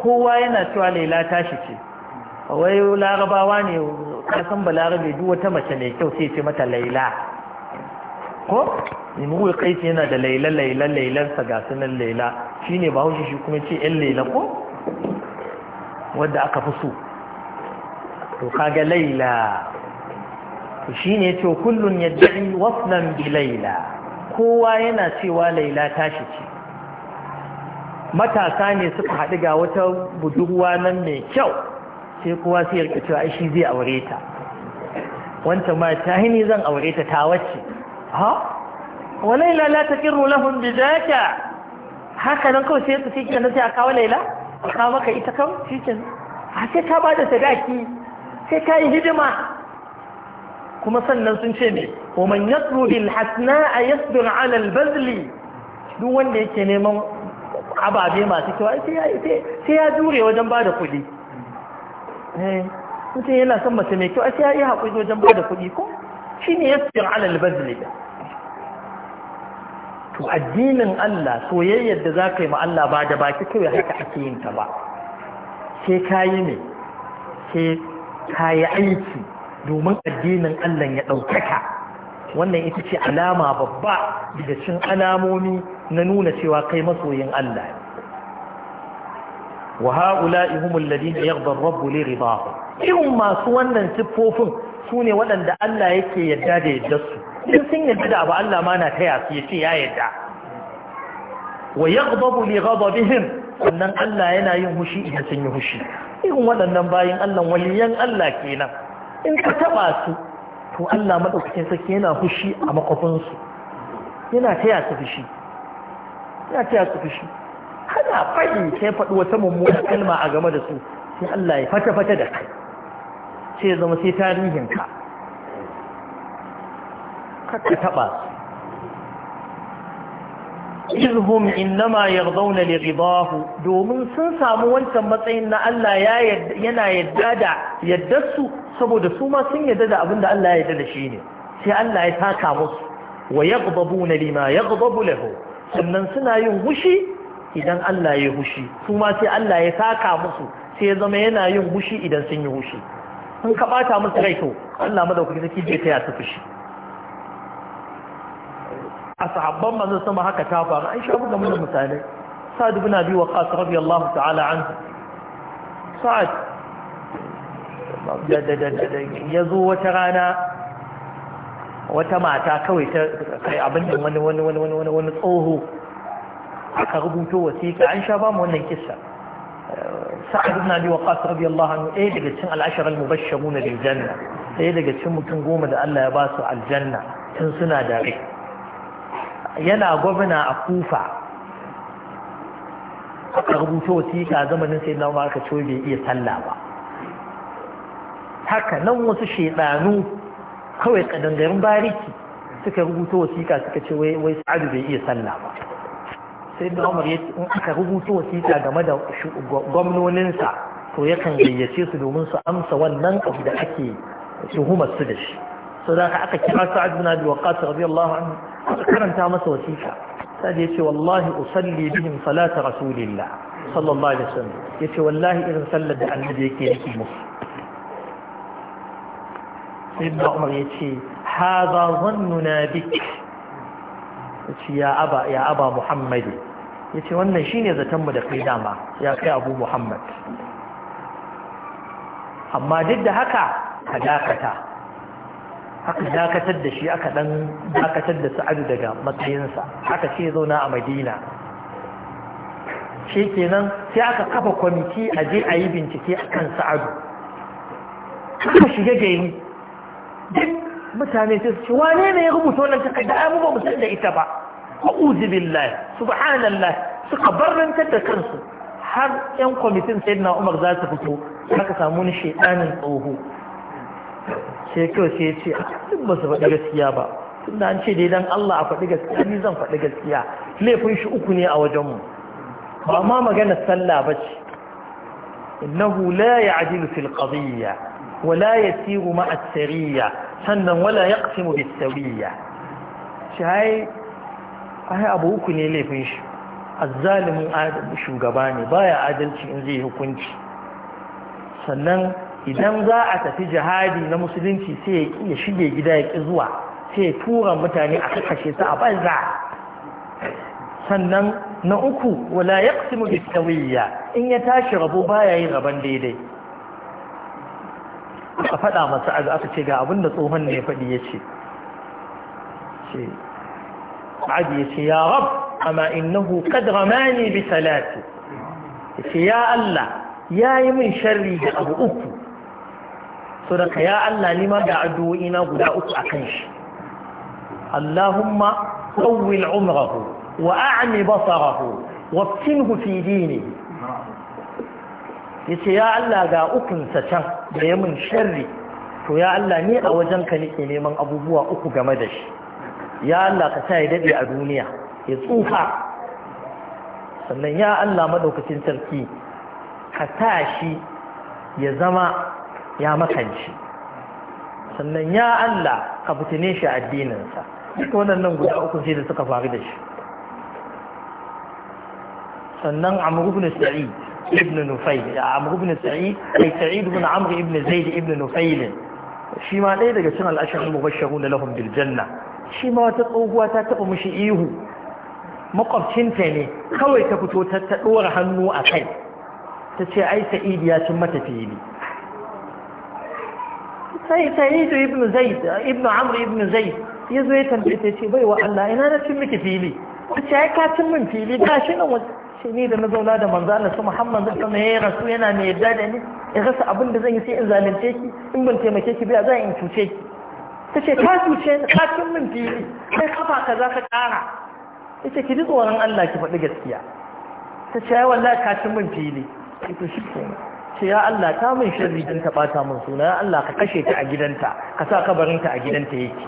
kowa yana cewa layla tashi ce wai larabawa ne san ba balarabe duk wata mace mai kyau sai ce mata layla ko imru kai yana da layla layla laylansa ga sunan layla shi ne ba haushe shi kuma ce ‘yan lelako wadda aka fi so to kaga laila shi ne ce kullum ya daɗi wasnan bi laila kowa yana cewa laila tashi ce matasa ne suka haɗu ga wata budurwa nan mai kyau sai kowa sai yarka cewa shi zai aure ta wanta ma ta hini zan aure ta ta wacce ha wa laila la taqirru lahum bidaka haka nan kawai sai su shi kenan sai a kawo laila a kawo maka ita kawai shi kenan a sai ta ba da sadaki sai ta yi hidima kuma sannan sun ce ne ومن hasna a يصبر على bazli duk wanda yake neman ababe masu kyau sai ya jure wajen ba da kuɗi eh, mutum yana son mace mai kyau sai ya yi haƙuri wajen ba da kuɗi ko shi ne yasbir ala bazli to addinin Allah soyayyar da za ka yi ma Allah ba da baki kawai haka ake yin ta ba sai ka yi ne sai ka yi aiki domin addinin Allah ya ɗaukaka wannan ita ce alama babba daga cin alamomi na nuna cewa kai masoyin Allah ne wa ha'ula'i humul ladina yarda rabbu li ridahu irin masu wannan siffofin sune waɗanda Allah yake yadda da yadda su in sun yi da abu Allah ma na taya su ya ce ya yadda wa yaghdabu li ghadabihim sannan Allah yana yin hushi idan sun yi hushi irin waɗannan bayan Allah waliyan Allah kenan in ka taba su to Allah madaukakin ke yana hushi a makofin su yana taya su fushi yana taya su fushi kana faɗi sai faɗi wata mummuna kalma a game da su sai Allah ya fata fata da kai sai zama sai tarihin ka kakka taba izhum innama yaghdawna lighidahu domin sun samu wancan matsayin na Allah ya yana yadda da yadda su saboda su ma sun yadda da abinda Allah ya yadda da shi ne sai Allah ya taka musu wa yaghdabuna lima yaghdabu lahu sannan suna yin hushi idan Allah ya hushi su ma sai Allah ya taka musu sai ya zama yana yin hushi idan sun yi hushi in ka bata musu rai to Allah madaukakin sarki ya taya su fushi a sahabban manzo sama haka ta faru an sha buga mana misalai sa'ad ibn abi waqas radiyallahu ta'ala anhu sa'ad ya zo wata rana wata mata kawai ta kai abin da wani wani wani wani wani wani tsoho aka rubuto wasiƙa an sha ba mu wannan kissa sa'ad ibn abi waqas radiyallahu anhu ɗaya daga cikin al'ashar al-mubashsharun bil janna ɗaya daga cikin mutum goma da Allah ya ba su aljanna tun suna da rai yana gwamna a kufa aka rubuta wasiƙa zamanin sai na aka ce bai iya sallah ba haka nan wasu shaidanu kawai kadangarin bariki suka rubuta wasiƙa suka ce wai sa'adu bai iya sallah ba sai da umar in aka rubuta wasiƙa game da gwamnoninsa to yakan gayyace su domin su amsa wannan abu da ake tuhumar su da shi so da aka kira na bin abi waqqas radiyallahu anhu karanta masa wasiƙa sai ya ce wallahi usalli bihim salata rasulillah sallallahu alaihi wasallam yace wallahi irin sallar da annabi yake yake musu sayyidina umar yace hadha dhannuna bik yace ya aba ya aba muhammadi yace wannan shine zaton mu da kai dama ya kai abu muhammad amma duk da haka ka dakata aka dakatar da shi aka dan dakatar da sa'adu daga matsayinsa aka ce zauna a madina shi kenan sai aka kafa kwamiti a je a yi bincike a kan sa'adu aka shiga gaini duk mutane sai su ce wane ne ya rubuta wannan takarda ai mu ba mu san da ita ba a'udhu billahi subhanallah suka rantar da kansu har yan kwamitin sayyidina Umar za su fito aka samu ni shedanin tsoho sai kawai sai ya ce ah, duk ba su faɗi gaskiya ba tunda an ce dai dan Allah a faɗi gaskiya ni zan faɗi gaskiya laifin shi uku ne a wajenmu ba ma magana sallah ba ce innahu la ya'dilu fil qadiyya wa la yasiru ma as sannan wala yaqsimu bis sawiyya shi ai ai abu uku ne laifin shi azzalimin shugaba ne baya adalci in zai hukunci sannan idan za a tafi jihadi na musulunci sai ya shige gida ya ƙi zuwa sai ya tura mutane a kakashe su a banza sannan na uku wala yaqsimu bisawiyya in ya tashi rabo baya yin rabon daidai a faɗa masa a aka ce ga abin da tsohon ne ya faɗi ya ce عدي يا رب أما إنه قد ya allah يا الله يا يمن شري أبو uku. so da ka ya Allah ni ma ga addu'o'i guda uku a kan shi Allahumma tsawwil umrahu wa a'mi basarahu wa finhu fi dini yace ya Allah ga ukunsa can da ya mun sharri to ya Allah ni a wajen ka nake neman abubuwa uku game da shi ya Allah ka sa ya dade a duniya ya tsufa sannan ya Allah maɗaukacin sarki ka tashi ya zama ya makanci sannan ya Allah ka fitine shi addininsa duk waɗannan guda uku sai da suka faru da shi sannan amru ibn Sa'id ibn Nufayl amru ibn Sa'id ai Sa'id ibn Amr ibn Zaid ibn Nufayl shi ma ɗaya daga cikin al'ashirin mubashshirun lahum bil janna shi ma wata tsohuwa ta taɓa mishi ihu makwabcinta ne kawai ta fito ta ɗora hannu a kai ta ce ai sa'id ya cin mata fili sai sai yi ibn zaid ibn amr ibn zaid ya zo ya tambaye ce bai wa Allah ina na cin miki fili ce ya ka cin min fili ba shi nan shi ne da na zauna da manzo Allah su Muhammad zai kuma ya rasu yana mai yadda da ni in rasa abin da zan yi sai in zalunce ki in ban taimake ki ba zan in cuce ki ta ce ka cuce ni ka cin min fili sai kafa za ka kara ta ce ki ji tsoron Allah ki faɗi gaskiya ta ce ai wallahi ka cin min fili to shi kenan ce ya Allah ta min sharri din ta bata min suna ya Allah ka kashe ta a gidanta ka sa kabarinta a gidanta yake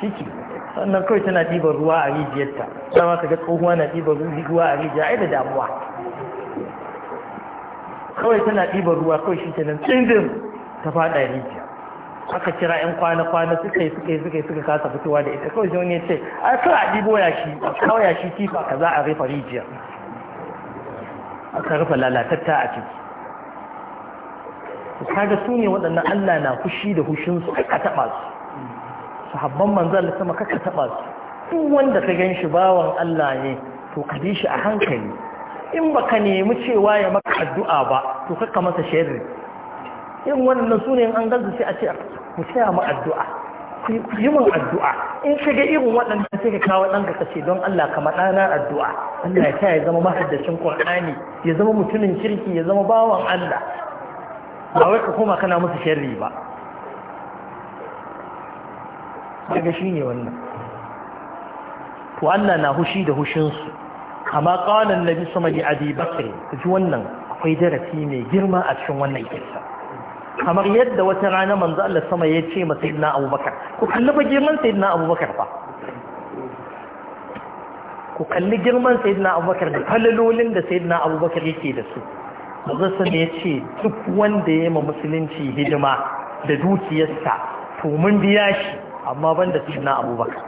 shiki sannan kawai tana ɗiban ruwa a rijiyarta sama ka ga tsohuwa na ɗiban ruwa a rijiya ai da damuwa kawai tana ɗiban ruwa kawai shi ke nan tsindin ta faɗa rijiya aka kira 'yan kwana-kwana suka yi suka yi suka yi suka kasa fitowa da ita kawai zaune ce a kawai a ɗibo yashi kawai yashi kifa ka za a rufe rijiyar aka rufe lalatatta a ciki kaga su ne waɗannan Allah na fushi da hushinsu ka taɓa su sahabban manzan da sama ka taɓa su duk wanda ka gan shi bawan Allah ne to ka bi shi a hankali in ba ka nemi cewa ya maka addu'a ba to kakka masa sharri in wannan su ne an gaza sai a ce ku taya ma addu'a ku yi mun addu'a in ka ga irin waɗannan sai ka kawo ɗanka ka ce don Allah ka maɗana addu'a Allah ya ya zama mahaddacin Qur'ani ya zama mutumin kirki ya zama bawan Allah ba wai ka koma kana musu sharri ba daga shi ne wannan to Allah na hushi da hushinsu kama kawanan nabi sama da adi bakri ta ji wannan akwai darasi mai girma a cikin wannan kisa kamar yadda wata rana manzo Allah sama ya ce ma sayyidina Abubakar ku kalli ba girman sayyidina Abubakar ba ku kalli girman sayyidina Abubakar da falalolin da sayyidina Abubakar yake da su manzon ya ce duk wanda ya ma musulunci hidima da dukiyarsa to mun biya shi amma ban banda sunna abubakar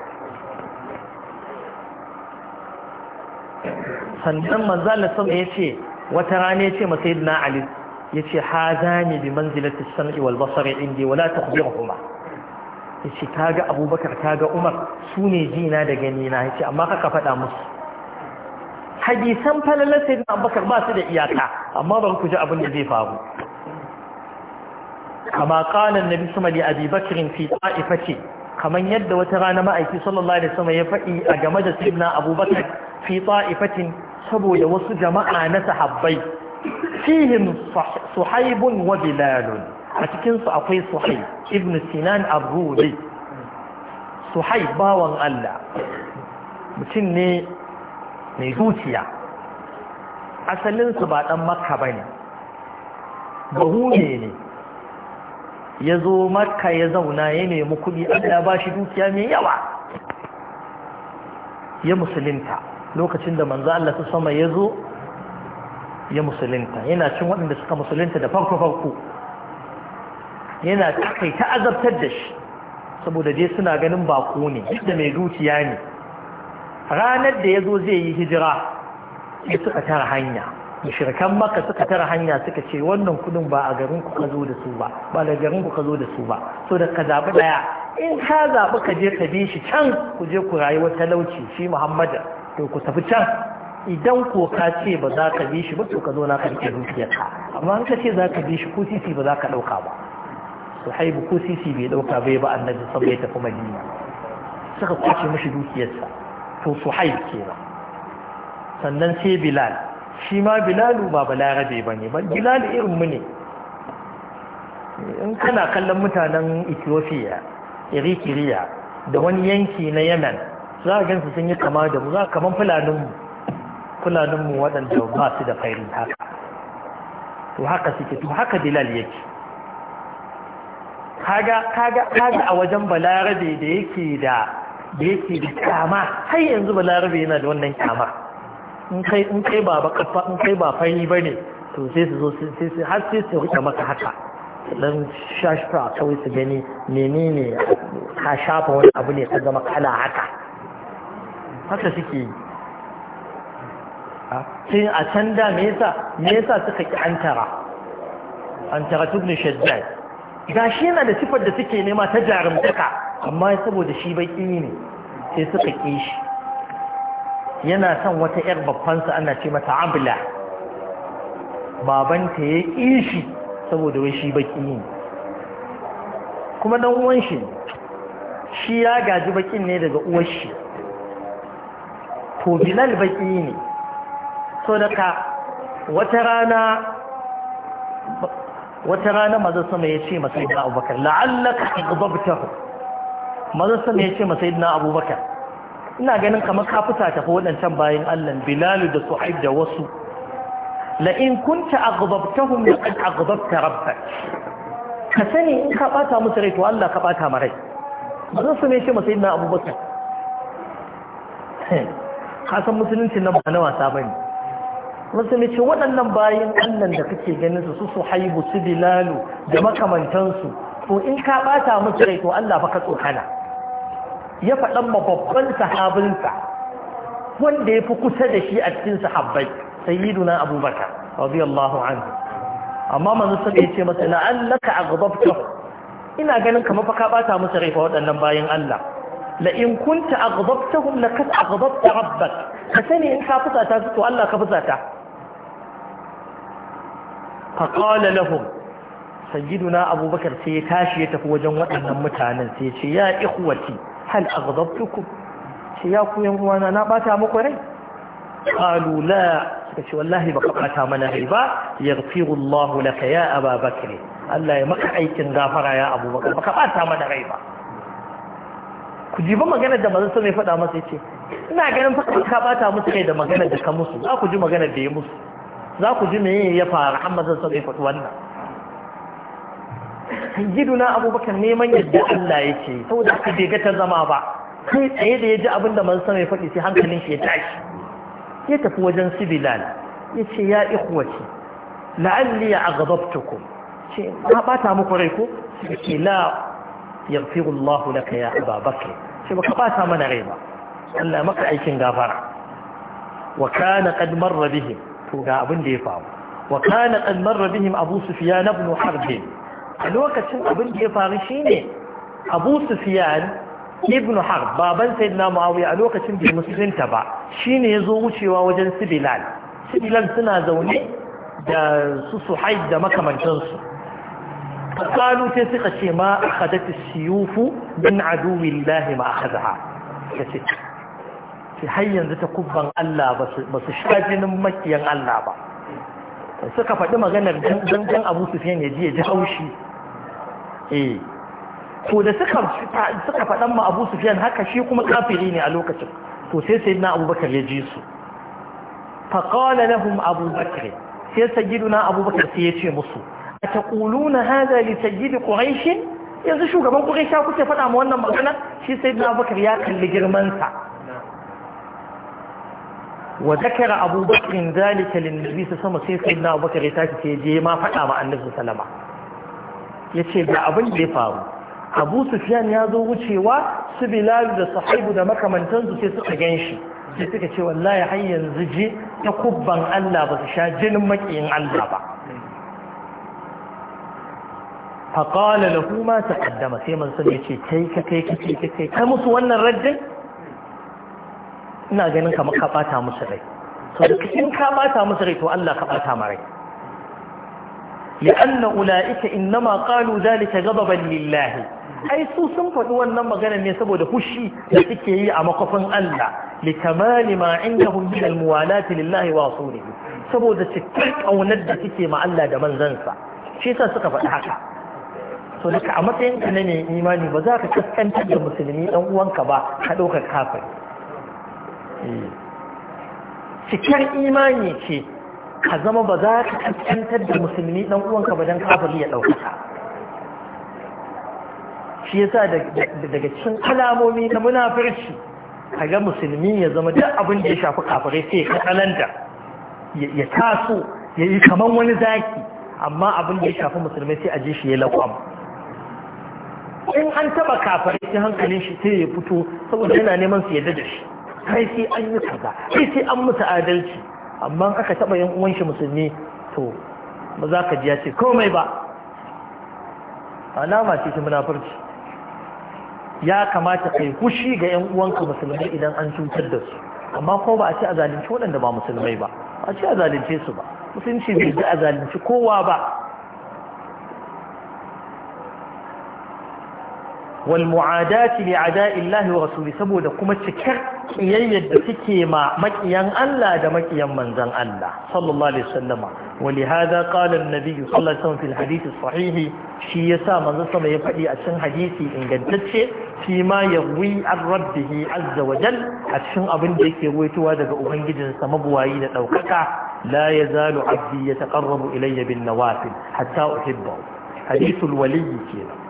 sannan manzon Allah sama ya ce wata rana ya ce ma sayyidina ali ya ce ha hazani bi manzilati sam'i iwal basari inda wala tukhbirhuma ya ce kaga abubakar kaga umar su ne jina da gani ya ce amma ka faɗa musu hadisan falalar sai abbakar ba su da iyaka amma bari ku ji abin da zai faru kama kalan nabi sama da abi fi ta'ifa ce kamar yadda wata rana ma'aiki sallallahu alaihi sama ya faɗi a game da sayyidina abubakar fi ta'ifatin saboda wasu jama'a na sahabbai fihim suhaibun wa bilalun a cikinsu akwai suhaib ibn sinan abu suhai bawan allah mutum ne mai dukiya asalinsu ba ɗan makka ba ne ne ya zo makka ya zauna ya nemi kuɗi allah ba shi dukiya mai yawa ya musulunta lokacin da manzo Allah su sama ya zo ya musulunta yana cin waɗanda suka musulunta da farko-farko yana takaita azabtar da shi saboda dai suna ganin bako ne da mai zuciya ne ranar da ya zo zai yi hijira ya suka tara hanya mushrikan maka suka tara hanya suka ce wannan kudin ba a garin ku ka zo da su ba ba da garin ku ka zo da su ba so da ka zaɓi ɗaya in ka zaɓi ka je ka bi shi can ku je ku rayuwa talauci shi muhammadu to ku tafi can idan ko ka ce ba za ka bi shi ba to ka zo na karke dukiyarka amma in ka ce za ka bi shi ko sisi ba za ka ɗauka ba su haibu ko sisi bai ɗauka bai ba annabi saboda ya tafi madina suka kwace mashi dukiyarsa to suhaib kenan sannan sai bilal shi ma bilalu ba balarabe ba ne bilal irin mu ne in kana kallon mutanen ethiopia irikiriya da wani yanki na yemen za a gansu sun yi kama da mu za kaman fulanin fulaninmu waɗanda ba su da fairin haka to haka suke to haka bilal yake kaga kaga kaga a wajen balarabe da yake da da yake da kyama har yanzu larabe yana da wannan kyamar in kai ba kafa in kai ba fani bane to sai su zo sai su har sai su rike maka haka dan shashfa kawai su gani menene ka shafa wani abu ne ka zama kala haka haka suke yi sai a can da me yasa me yasa suka ki antara antara tubni ga gashi yana da sifar da suke nema ta jarumtaka amma saboda shi baƙi ne sai suka ƙi shi yana son wata 'yar babbansa ana ce mata abla babanta ya ƙi shi saboda wai shi baƙi ne kuma ɗan uwan shi shi ya gaji baƙin ne daga uwar shi to bilal baƙi ne so daga wata rana wata rana maza sama ya ce masu yana abubakar la'allaka ka gababta Mazan sama ya ce masai na abubakar ina ganin kamar ka ta fi waɗancan bayan allan bilalu da suhaib da wasu la in hun aghdabtahum a aghdabta rabbak ka sani in ka bata musu rai to Allah ka bata marai mazan manzon ya ce masai na abubakar ka san musulunci nan ba na wasa bane ne ce waɗannan bayan annan da kake ganin su su haibu su bilalu da makamantansu to in ka ɓata musu rai to Allah baka tsokana ya faɗan ma babban sahabinsa wanda ya fi kusa da shi a cikin sahabbai sayyiduna abubakar radiyallahu anhu amma manzo sai ya ce masa la'allaka aghdabta ina ganin kamar fa ka bata musu rai fa waɗannan bayan Allah la in kunta kasa a aghdabta rabbak ka sani in ka fusata su to Allah ka fusata fa qala lahum sayyiduna abubakar sai ya tashi ya tafi wajen waɗannan mutanen sai ya ce ya ikhwati hal aghdabtukum shi ya ku yan uwana na bata muku rai qalu la suka ce wallahi baka bata mana rai ba yaghfiru Allahu laka ya Aba Bakr Allah ya maka aikin gafara ya Abu Bakr baka bata mana rai ba ku ji ba maganar da manzon sai faɗa masa yace ina ganin fa ka bata musu kai da maganar da ka musu za ku ji maganar da ya musu za ku ji me ya fara Muhammad sallallahu alaihi wasallam wannan gidu na abubakar neman yadda Allah yake saboda haka bai ga ta zama ba sai tsaye da ya ji abin da mansa mai faɗi sai hankalin shi ya tashi ya tafi wajen su ya ce ya ikhwaci la'alli ya ku ce ba ta muku rai ko ce la yaghfiru Allah laka ya Aba Bakr ce ba ta mana rai ba Allah maka aikin gafara wa kana qad marra bihim to ga abin da ya faru wa kana qad marra bihim Abu Sufyan ibn Harb a lokacin abin da ya faru shine abu sufiyan ibn har baban na muawiya a lokacin bai musulunta ba shine ya zo wucewa wajen sibilal sibilan suna zaune da su suhaid da makamantansu kalu sai suka ce ma akhadat siyufu min aduwillahi ma akhadha kace har yanzu ta kubban Allah ba su sha jinin makiyan Allah ba suka faɗi maganar dangan abu sufiyan ya ji ya ji haushi eh. to da suka suka faɗan ma abu sufiyan haka shi kuma kafiri ne a lokacin to sai sai na abubakar ya ji su faƙala lahum abubakar sai sayyiduna abubakar sai ya ce musu a taquluna hadha li sayyid quraish yanzu shugaban quraish kuke faɗa ma wannan magana shi sayyidina abubakar ya kalli girmansa. wa zakara Abu Bakr zalika lin Nabi sama sai sayyidina Abu Bakr ya tashi sai je ma faɗa ma Annabi Ya yace ga abin da ya faru Abu Sufyan ya zo wucewa su Bilal da Sahibu da makamantansu sai suka ganshi sai suka ce wallahi har yanzu je ta kubban Allah ba su sha jinin makiyin Allah ba sai له ما ya ce kai ka kai ka kai ka kai كي musu wannan الرجل ina ganin kamar ka bata musu rai to duk in ka bata musu rai to Allah ka bata mu rai li'anna ulaika inma qalu zalika ghadaban lillah ai su sun faɗi wannan magana ne saboda fushi da suke yi a makofin Allah li kamali ma indahum min almuwalat lillah wa rasulih saboda cikin da suke ma Allah da manzansa shi yasa suka faɗi haka to duka a matsayin ka ne imani ba za ka kaskanta da musulmi dan uwanka ba ka dauka kafir cikin imani ce ka zama ba za ka kaskantar da musulmi dan uwanka ba dan kafin ya ɗaukaka shi yasa daga cikin alamomi na munafirci kaga musulmi ya zama duk abin da ya shafi kafirai sai ya katsalanta ya taso ya yi kaman wani zaki amma abin da ya shafi musulmi sai a je shi ya lakwam in an taba kafirai sai hankalin shi sai ya fito saboda yana neman su yadda da shi kai sai an yi kaza kai sai an musu adalci amma aka taba yan uwan shi musulmi to ba za ka ji ya ce komai ba alama ce ta munafurci ya kamata kai kushi ga yan uwanka musulmai idan an cutar da su amma ko ba a ce a zalunci waɗanda ba musulmai ba a ce a zalunce su ba musulunci bai ji a zalunci kowa ba wal mu'adati li a'da'illahi wa rasuli saboda kuma cikar kiyayyar da suke ma makiyan Allah da makiyan manzon Allah sallallahu alaihi wasallama ولهذا قال النبي صلى الله عليه وسلم في الحديث الصحيح شي يسا من sama ya faɗi a cikin hadisi ingantacce fi ma yawi an rabbihi azza wa jal a cikin abin da yake waitowa daga ubangijinsa mabuwayi da ɗaukaka la yazalu abdi yataqarrabu ilayya bin nawafil hatta uhibbahu hadithul waliyyi kenan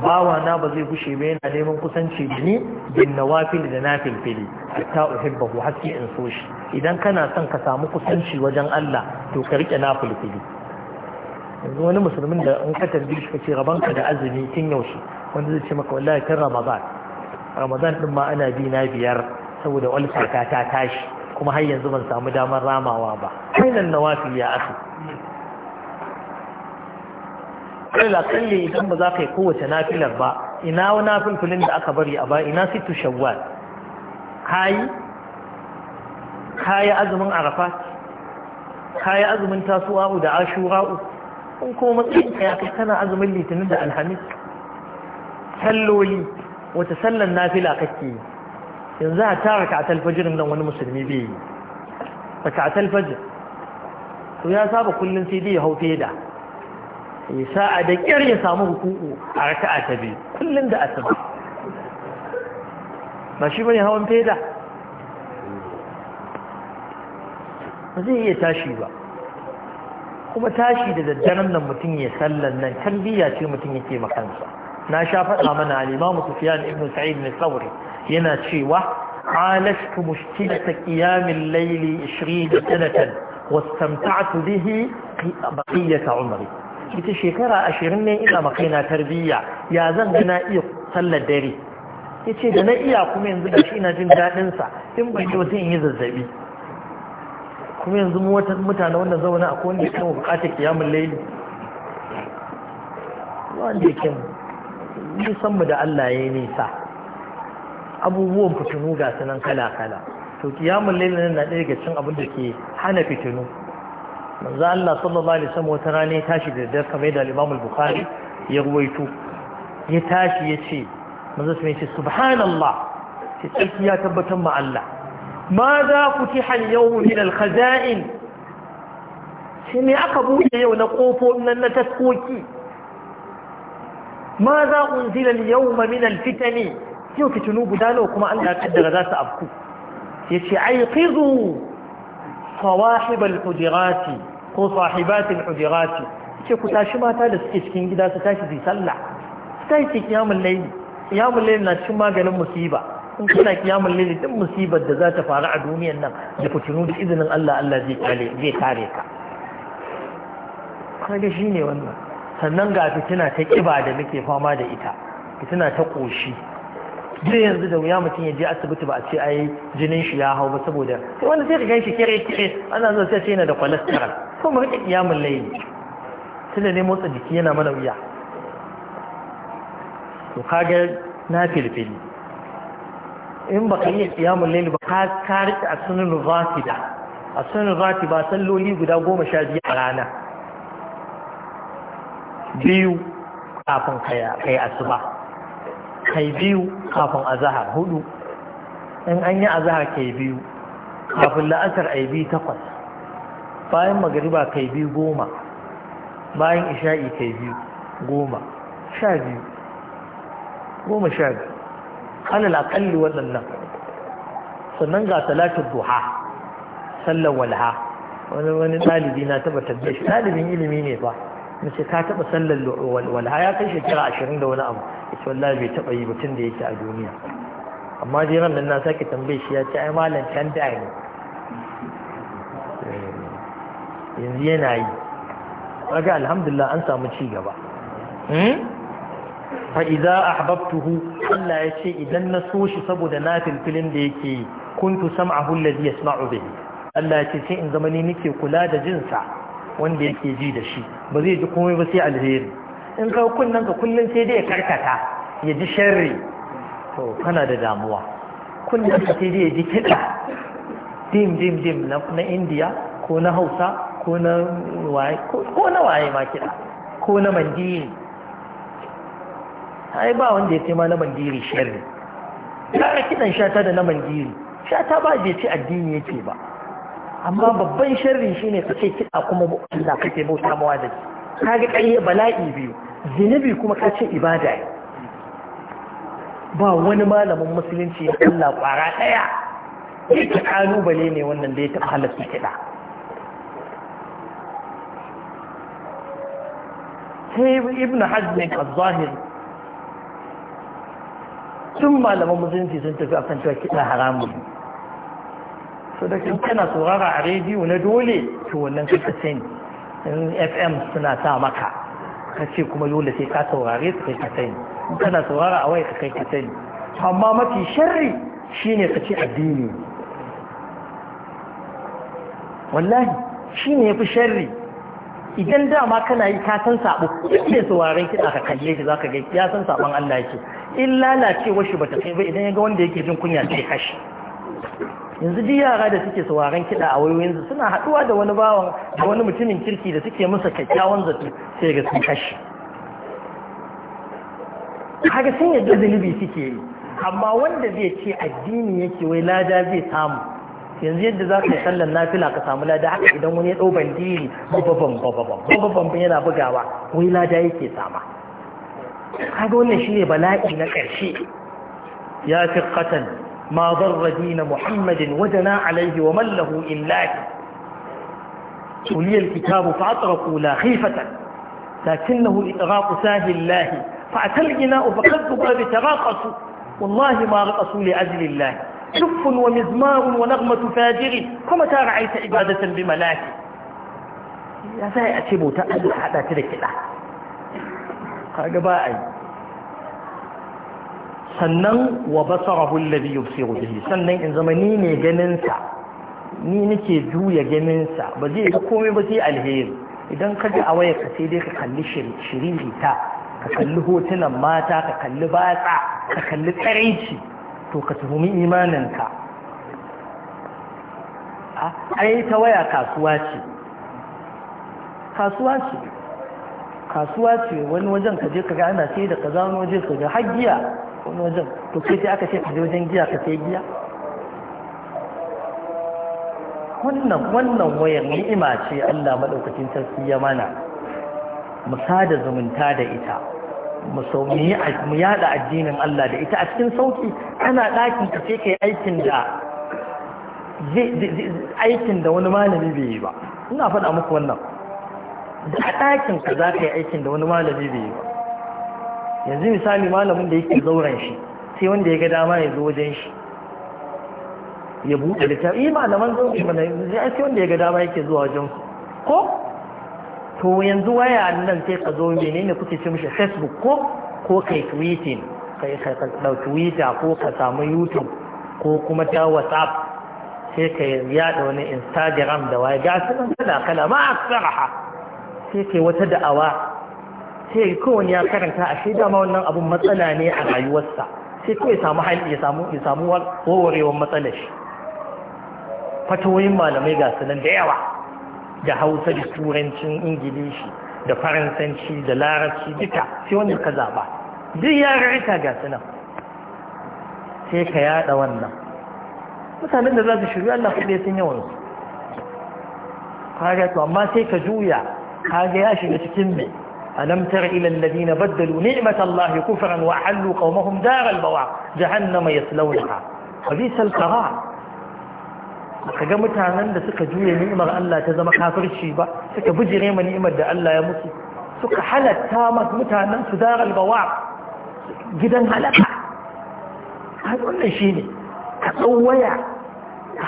bawa na ba zai gushe ba yana neman kusanci da ni bin nawafil da na filfili hatta uhibbahu haske in so shi idan kana son ka samu kusanci wajen Allah to ka rike na filfili yanzu wani musulmin da an ka tambaye shi kace rabanka da azumi tun yaushe wanda zai ce maka wallahi tun ramadan ramadan din ma ana bi na biyar saboda ulfa ta tashi kuma har yanzu ban samu damar ramawa ba kainan nawafil ya asu alal kalli idan ba za ka yi kowace nafilar ba ina wani nafilfilin da aka bari a ba ina sittu shawwal kayi kayi azumin arafat kayi azumin tasuwa'u da ashura'u in kuma matsayinka ya kai kana azumin litinin da alhamis salloli wata sallan nafila kake yi yanzu a tara ka a talfajirin nan wani musulmi bai yi ba ka a talfajir to ya saba kullum sai dai ya hau feda ya sa'a da ƙyar ya samu ruku'u a raka'a ta biyu kullum da asuba ba shi bane hawan feda ba zai iya tashi ba kuma tashi da daddaren nan mutum ya sallan nan tarbiyya ce mutum yake makansa na sha faɗa mana alimamu imam Sufyan ibn Sa'id mai Thawri yana cewa عالجت مشكلة قيام الليل 20 سنة واستمتعت به بقية عمري ita shekara ashirin ne ina makaina tarbiyya ya zan ga na iya sallar dare ya ce da na iya kuma yanzu da shi ina jin daɗinsa in ban yi wata in yi zazzabi kuma yanzu mu wata mutane wanda zaune a kowane ya kama bukatar kiyamun laili wanda ya kama san mu da Allah ya yi nisa abubuwan fitinu ga sanan kala-kala to kiyamun laili na ɗaya ga cin abin da ke hana fitinu manzo Allah sallallahu alaihi wasallam wata rana ya tashi da daddare kamar da Imam Bukhari ya ruwaito ya tashi ya ce manzo sai ya subhanallah sai tsarki ya tabbatar ma Allah ma za ku ti hal yau min al khaza'in shi aka buɗe yau na kofofin nan na taskoki ma za unzila al yawma min al fitani yau fitinu guda nawa kuma Allah ya kaddara za su afku yace aiqizu صواحب الحجرات ko sahibatin الحجرات ce ku tashi mata da suke cikin gida su tashi su sallah su tashi su kiyamun laili kiyamun na cikin maganin musiba in kuna kiyamun laili din musibar da za ta faru a duniyar nan da ku tunu da izinin Allah Allah zai kare zai kare ka kaga shine wannan sannan ga fitina ta kiba da muke fama da ita fitina ta koshi zai yanzu da wuya mutum ya je asibiti ba a ce ai jinin shi ya hau ba saboda sai wanda sai ka gan shi kere kere ana zuwa sai ce yana da cholesterol ko mu rike kiyamun layi tunda ne motsa jiki yana mana wuya to kaga na filfili in ba ka yi kiyamun layi ba ka kare a sunan da a sunan ba salloli guda goma sha biyu a rana biyu kafin kai asuba kai biyu kafin azahar hudu in an yi azahar kai biyu kafin la'asar ai biyu takwas bayan magariba kai biyu goma bayan isha'i kai biyu goma sha biyu goma sha biyu alal aƙalli waɗannan sannan ga talatin duha sallan walha wani wani ɗalibi na taɓa tabbashi ɗalibin ilimi ne ba na ce ka taɓa sallar walwala ya kai shekara ashirin da wani abu ya ce wallahi bai taɓa yi mutum da yake a duniya amma dai ran nan na sake tambaye shi ya ce ai malam can da ne eh, yanzu yana yi kaga alhamdulillah an samu ci gaba hmm? fa idza ahbabtuhu Allah ya ce idan na so shi saboda na filfilin da yake kuntu sam'ahu alladhi yasma'u bihi Allah ya ce sai in zama ni nake kula da jinsa wanda yake ji da shi ba zai ji komai ba sai alheri in ka kunnan ka kullum sai dai ya karkata ya ji sharri to kana da damuwa kullun ka sai dai ya ji kiɗa dim dim dim na indiya ko na hausa ko na waye ko na waye ma kiɗa ko na mandiri ai ba wanda ya ce ma na mandiri sharri ya kiɗan shata da na mandiri shata ba je ce addini yake ba amma babban sharri shine ka ce kiɗa kuma Allah kake bauta mawa da shi ga ƙarya bala'i biyu zinubi kuma ka ce ibada ne ba wani malamin musulunci ya Allah ƙwara ɗaya yake bale ne wannan da ya taɓa halatta kiɗa sai ibn hajjin al zahir tun malaman musulunci sun tafi akan cewa kida haramun to da kana saurara a rediyo na dole to wannan kasa sani in fm suna sa maka ka ce kuma dole sai ka saurare su kai ka sani in kana saurara a waya ka kai ka sani amma mafi sharri shine ka ce addini wallahi shine yafi sharri idan dama kana yi ka san sabo da sauraren kiɗa ka kalle shi zaka ga ya san sabon Allah yake in lalacewa shi bata kai ba idan ya ga wanda yake jin kunya sai kashi yanzu duk yara da suke sauraron kiɗa a wayoyinsu suna haɗuwa da wani bawan da wani mutumin kirki da suke masa kyakkyawan zato sai ga sun kashi haka sun yadda zunubi suke yi amma wanda zai ce addini yake wai lada zai samu yanzu yadda za ka yi sallar nafila ka samu lada haka idan wani ya ɗau bandiri babban babban babban yana bugawa wai lada yake sama kaga wannan shi bala'i na ƙarshe ya fi ما ضر دين محمد ودنا عليه ومن له إملاك تولي الكتاب فأطرقوا لا خيفة لكنه إطراق ساه الله فأتى الغناء فقد قد والله ما رقصوا لأجل الله شف ومزمار ونغمة فاجر فمتى رأيت عبادة بملاك يا سيأتي موتا أدل حتى تلك الله قال بائي sannan wa basarahu alladhi yubsiru bihi sannan in zama ni ne ganin sa ni nake juya ganin sa ba zai ga komai ba sai alheri idan ka ji a waya ka sai dai ka kalli shiriri ta ka kalli hotunan mata ka kalli batsa ka kalli tsaraici to ka tuhumi imanin ka ai ta waya kasuwa ce kasuwa ce kasuwa ce wani wajen ka je ka ga ana sai da kaza wani waje ka ga har giya wani wajen to sai aka ce ka je wajen giya ka sai giya wannan wannan wayar ni'ima ce Allah madaukakin sarki ya mana mu sada zumunta da ita mu mu yada addinin Allah da ita a cikin sauki ana ɗakin ka sai kai aikin da aikin da wani malami bai yi ba ina faɗa muku wannan da ɗakin ka za ka yi aikin da wani malami bai yi ba yanzu misali malamin da yake zauren shi sai wanda ya ga dama ya zo wajen shi ya buɗe littafi yi eh, malaman zaure mana sai wanda ya ga dama yake zuwa wajen ko to yanzu waya nan sai ka zo ne kuke cin shi facebook ko ko kai tweeting kai ka dau twitter ko ka samu youtube ko kuma ta whatsapp sai ka yada wani instagram da waya ga sunan nan kala kala ma a sai kai wata da'awa sai kowane ya karanta a shi dama wannan abun matsala ne a rayuwarsa sai kawai samu hali ya samu ya samu warwarewar matsalar shi fatoyin malamai ga sunan da yawa da hausa da turancin ingilishi da faransanci da larabci duka sai wanda ka zaba duk ya yararrika ga sunan sai ka yada wannan mutanen da za su shirya Allah kuɗe sun yi su kaga to amma sai ka juya ga ya shiga cikin mai ألم تر إلى الذين بدلوا نعمة الله كفرا وأحلوا قومهم دار البواق جهنم يسلونها فبئس القرار لقد م ت ع ن ا الله تزم كافر الشيبا تكبجر من ن الله يموت سك حلت تامت متى ت ع ن دار البواق جدا هلك هذا كل شيء تقويا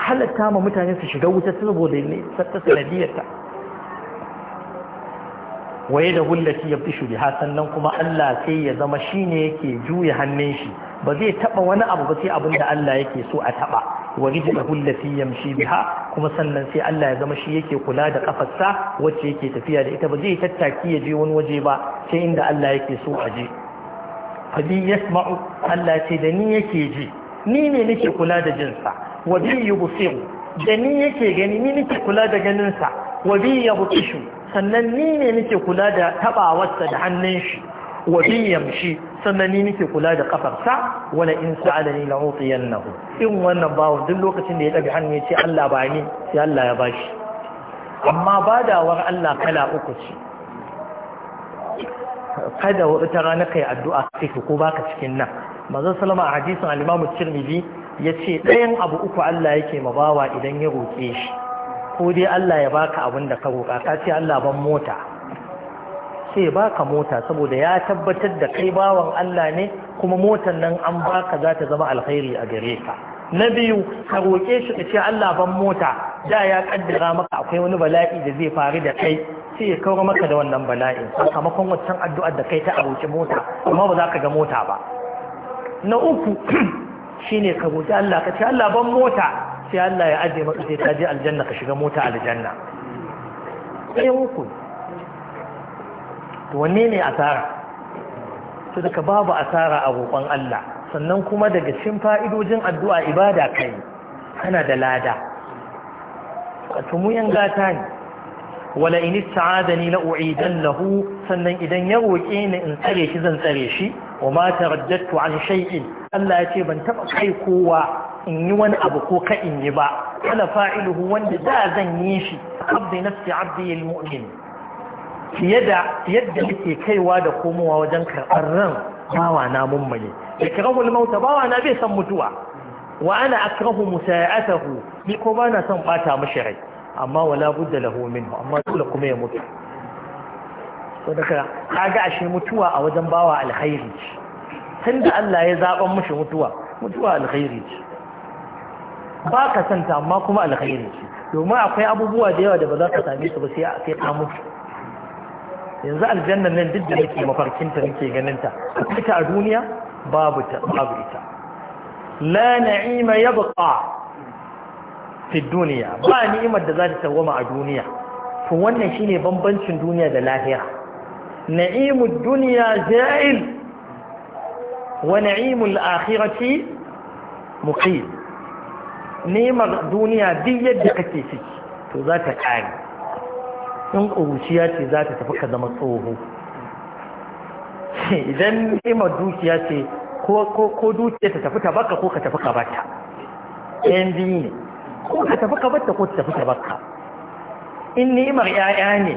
حلت تامت متى ت ع ن ا ان تشغل وتسلب waye da hullaki ya fi biha sannan kuma Allah sai ya zama shi ne yake juya hannun shi ba zai taɓa wani abu ba sai abin da Allah yake so a taɓa, taba wa rijla hullati yamshi biha kuma sannan sai Allah ya zama shi yake kula da ƙafarsa wacce yake tafiya da ita ba zai tattaki ya je wani waje ba sai inda Allah yake so a je fa bi yasma'u Allah ce da ni yake ji ni ne nake kula da jinsa wa bi yubsiru da ni yake gani ni nake kula da ganinsa wa bi yabtishu sannan ni ne nake kula da tabawarsa da hannun shi wa bi shi. sannan ni nake kula da kafarsa wala in sa'alani la utiyannahu in wannan bawo duk lokacin da ya daga hannu ya ce Allah ba ni sai Allah ya bashi amma badawar Allah kala uku ce kada wata rana kai addu'a take ko baka cikin nan manzon salama a hadisin al-Imam Tirmidhi yace ɗayan abu uku Allah yake mabawa idan ya roke shi ko dai Allah ya baka abin da ka roƙa ka ce Allah ban mota sai baka mota saboda ya tabbatar da kai bawan Allah ne kuma motar nan an baka za ta zama alkhairi a gare ka na biyu ka roƙe shi ka ce Allah ban mota da ya kaddara maka akwai wani bala'i da zai faru da kai sai ya kawo maka da wannan bala'in sakamakon wancan addu'ar da kai ta aroki mota amma ba za ka ga mota ba na uku shine ka roƙi Allah ka ce Allah ban mota sai Allah ya aje maka sai ka je aljanna ka shiga mota aljanna ɗayan uku to wanne ne asara to daga babu asara a roƙon Allah sannan kuma daga cikin fa'idojin addu'a ibada kai kana da lada wato mu yan gata ne wala in ista'adani la u'idan lahu sannan idan ya roƙe ni in tsare shi zan tsare shi wa ma taraddatu an shay'in Allah ya ce ban taba kai kowa in yi wani abu ko ka in yi ba ana fa'iluhu wanda da zan yi shi abdi nafsi abdi almu'min fiye da yadda yake kaiwa da komowa wajen karɓar ran bawa na Da ikrahul mauta bawa na bai san mutuwa wa ana akrahu musa'atahu ni ko ba na son bata mashi rai amma wala budda lahu minhu amma dole kuma ya mutu saboda kaga ashe mutuwa a wajen bawa alkhairi tunda Allah ya zaban mushi mutuwa mutuwa alkhairi ce ba ka santa amma kuma alkhairi domin akwai abubuwa da yawa da ba za ka same su ba sai a ka mutu yanzu aljanna nan duk da nake mafarkinta nake ganin ta ita a duniya babu ta babu ita la na'ima yabqa fi duniya ba ni'imar da za ta tawama a duniya to wannan shine bambancin duniya da lahira na'imud duniya za'il wa na'imul akhirati muqim nema duniya duk yadda kake ciki to za ta kare in ƙuruciya ce za ta tafi ka zama tsoho idan nema dukiya ce ko dukiya ta tafi ta baka ko ka tafi ka bata ɗayan biyu ne ko ka tafi ka bata ko ta tafi ta baka in nemar 'ya'ya ne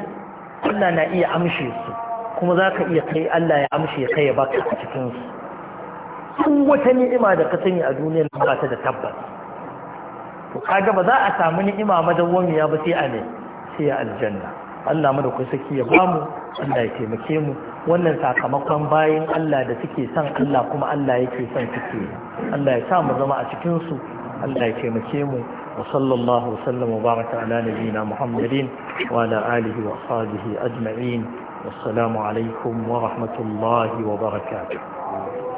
Allah na iya amshe su kuma za ka iya kai Allah ya amshe ya kai ya baka a cikinsu sun wata ni'ima da ka sani a duniyar ba ta da tabbas to kaga ba za a samu ni'ima madawwamiya ba sai a ne sai aljanna Allah mu da saki ya bamu Allah ya taimake mu wannan sakamakon bayin Allah da suke son Allah kuma Allah yake son suke Allah ya sa mu zama a cikin su Allah ya taimake mu wa sallallahu wa sallam wa baraka ala nabiyyina Muhammadin wa ala alihi wa ashabihi ajma'in wassalamu alaikum wa rahmatullahi wa barakatuh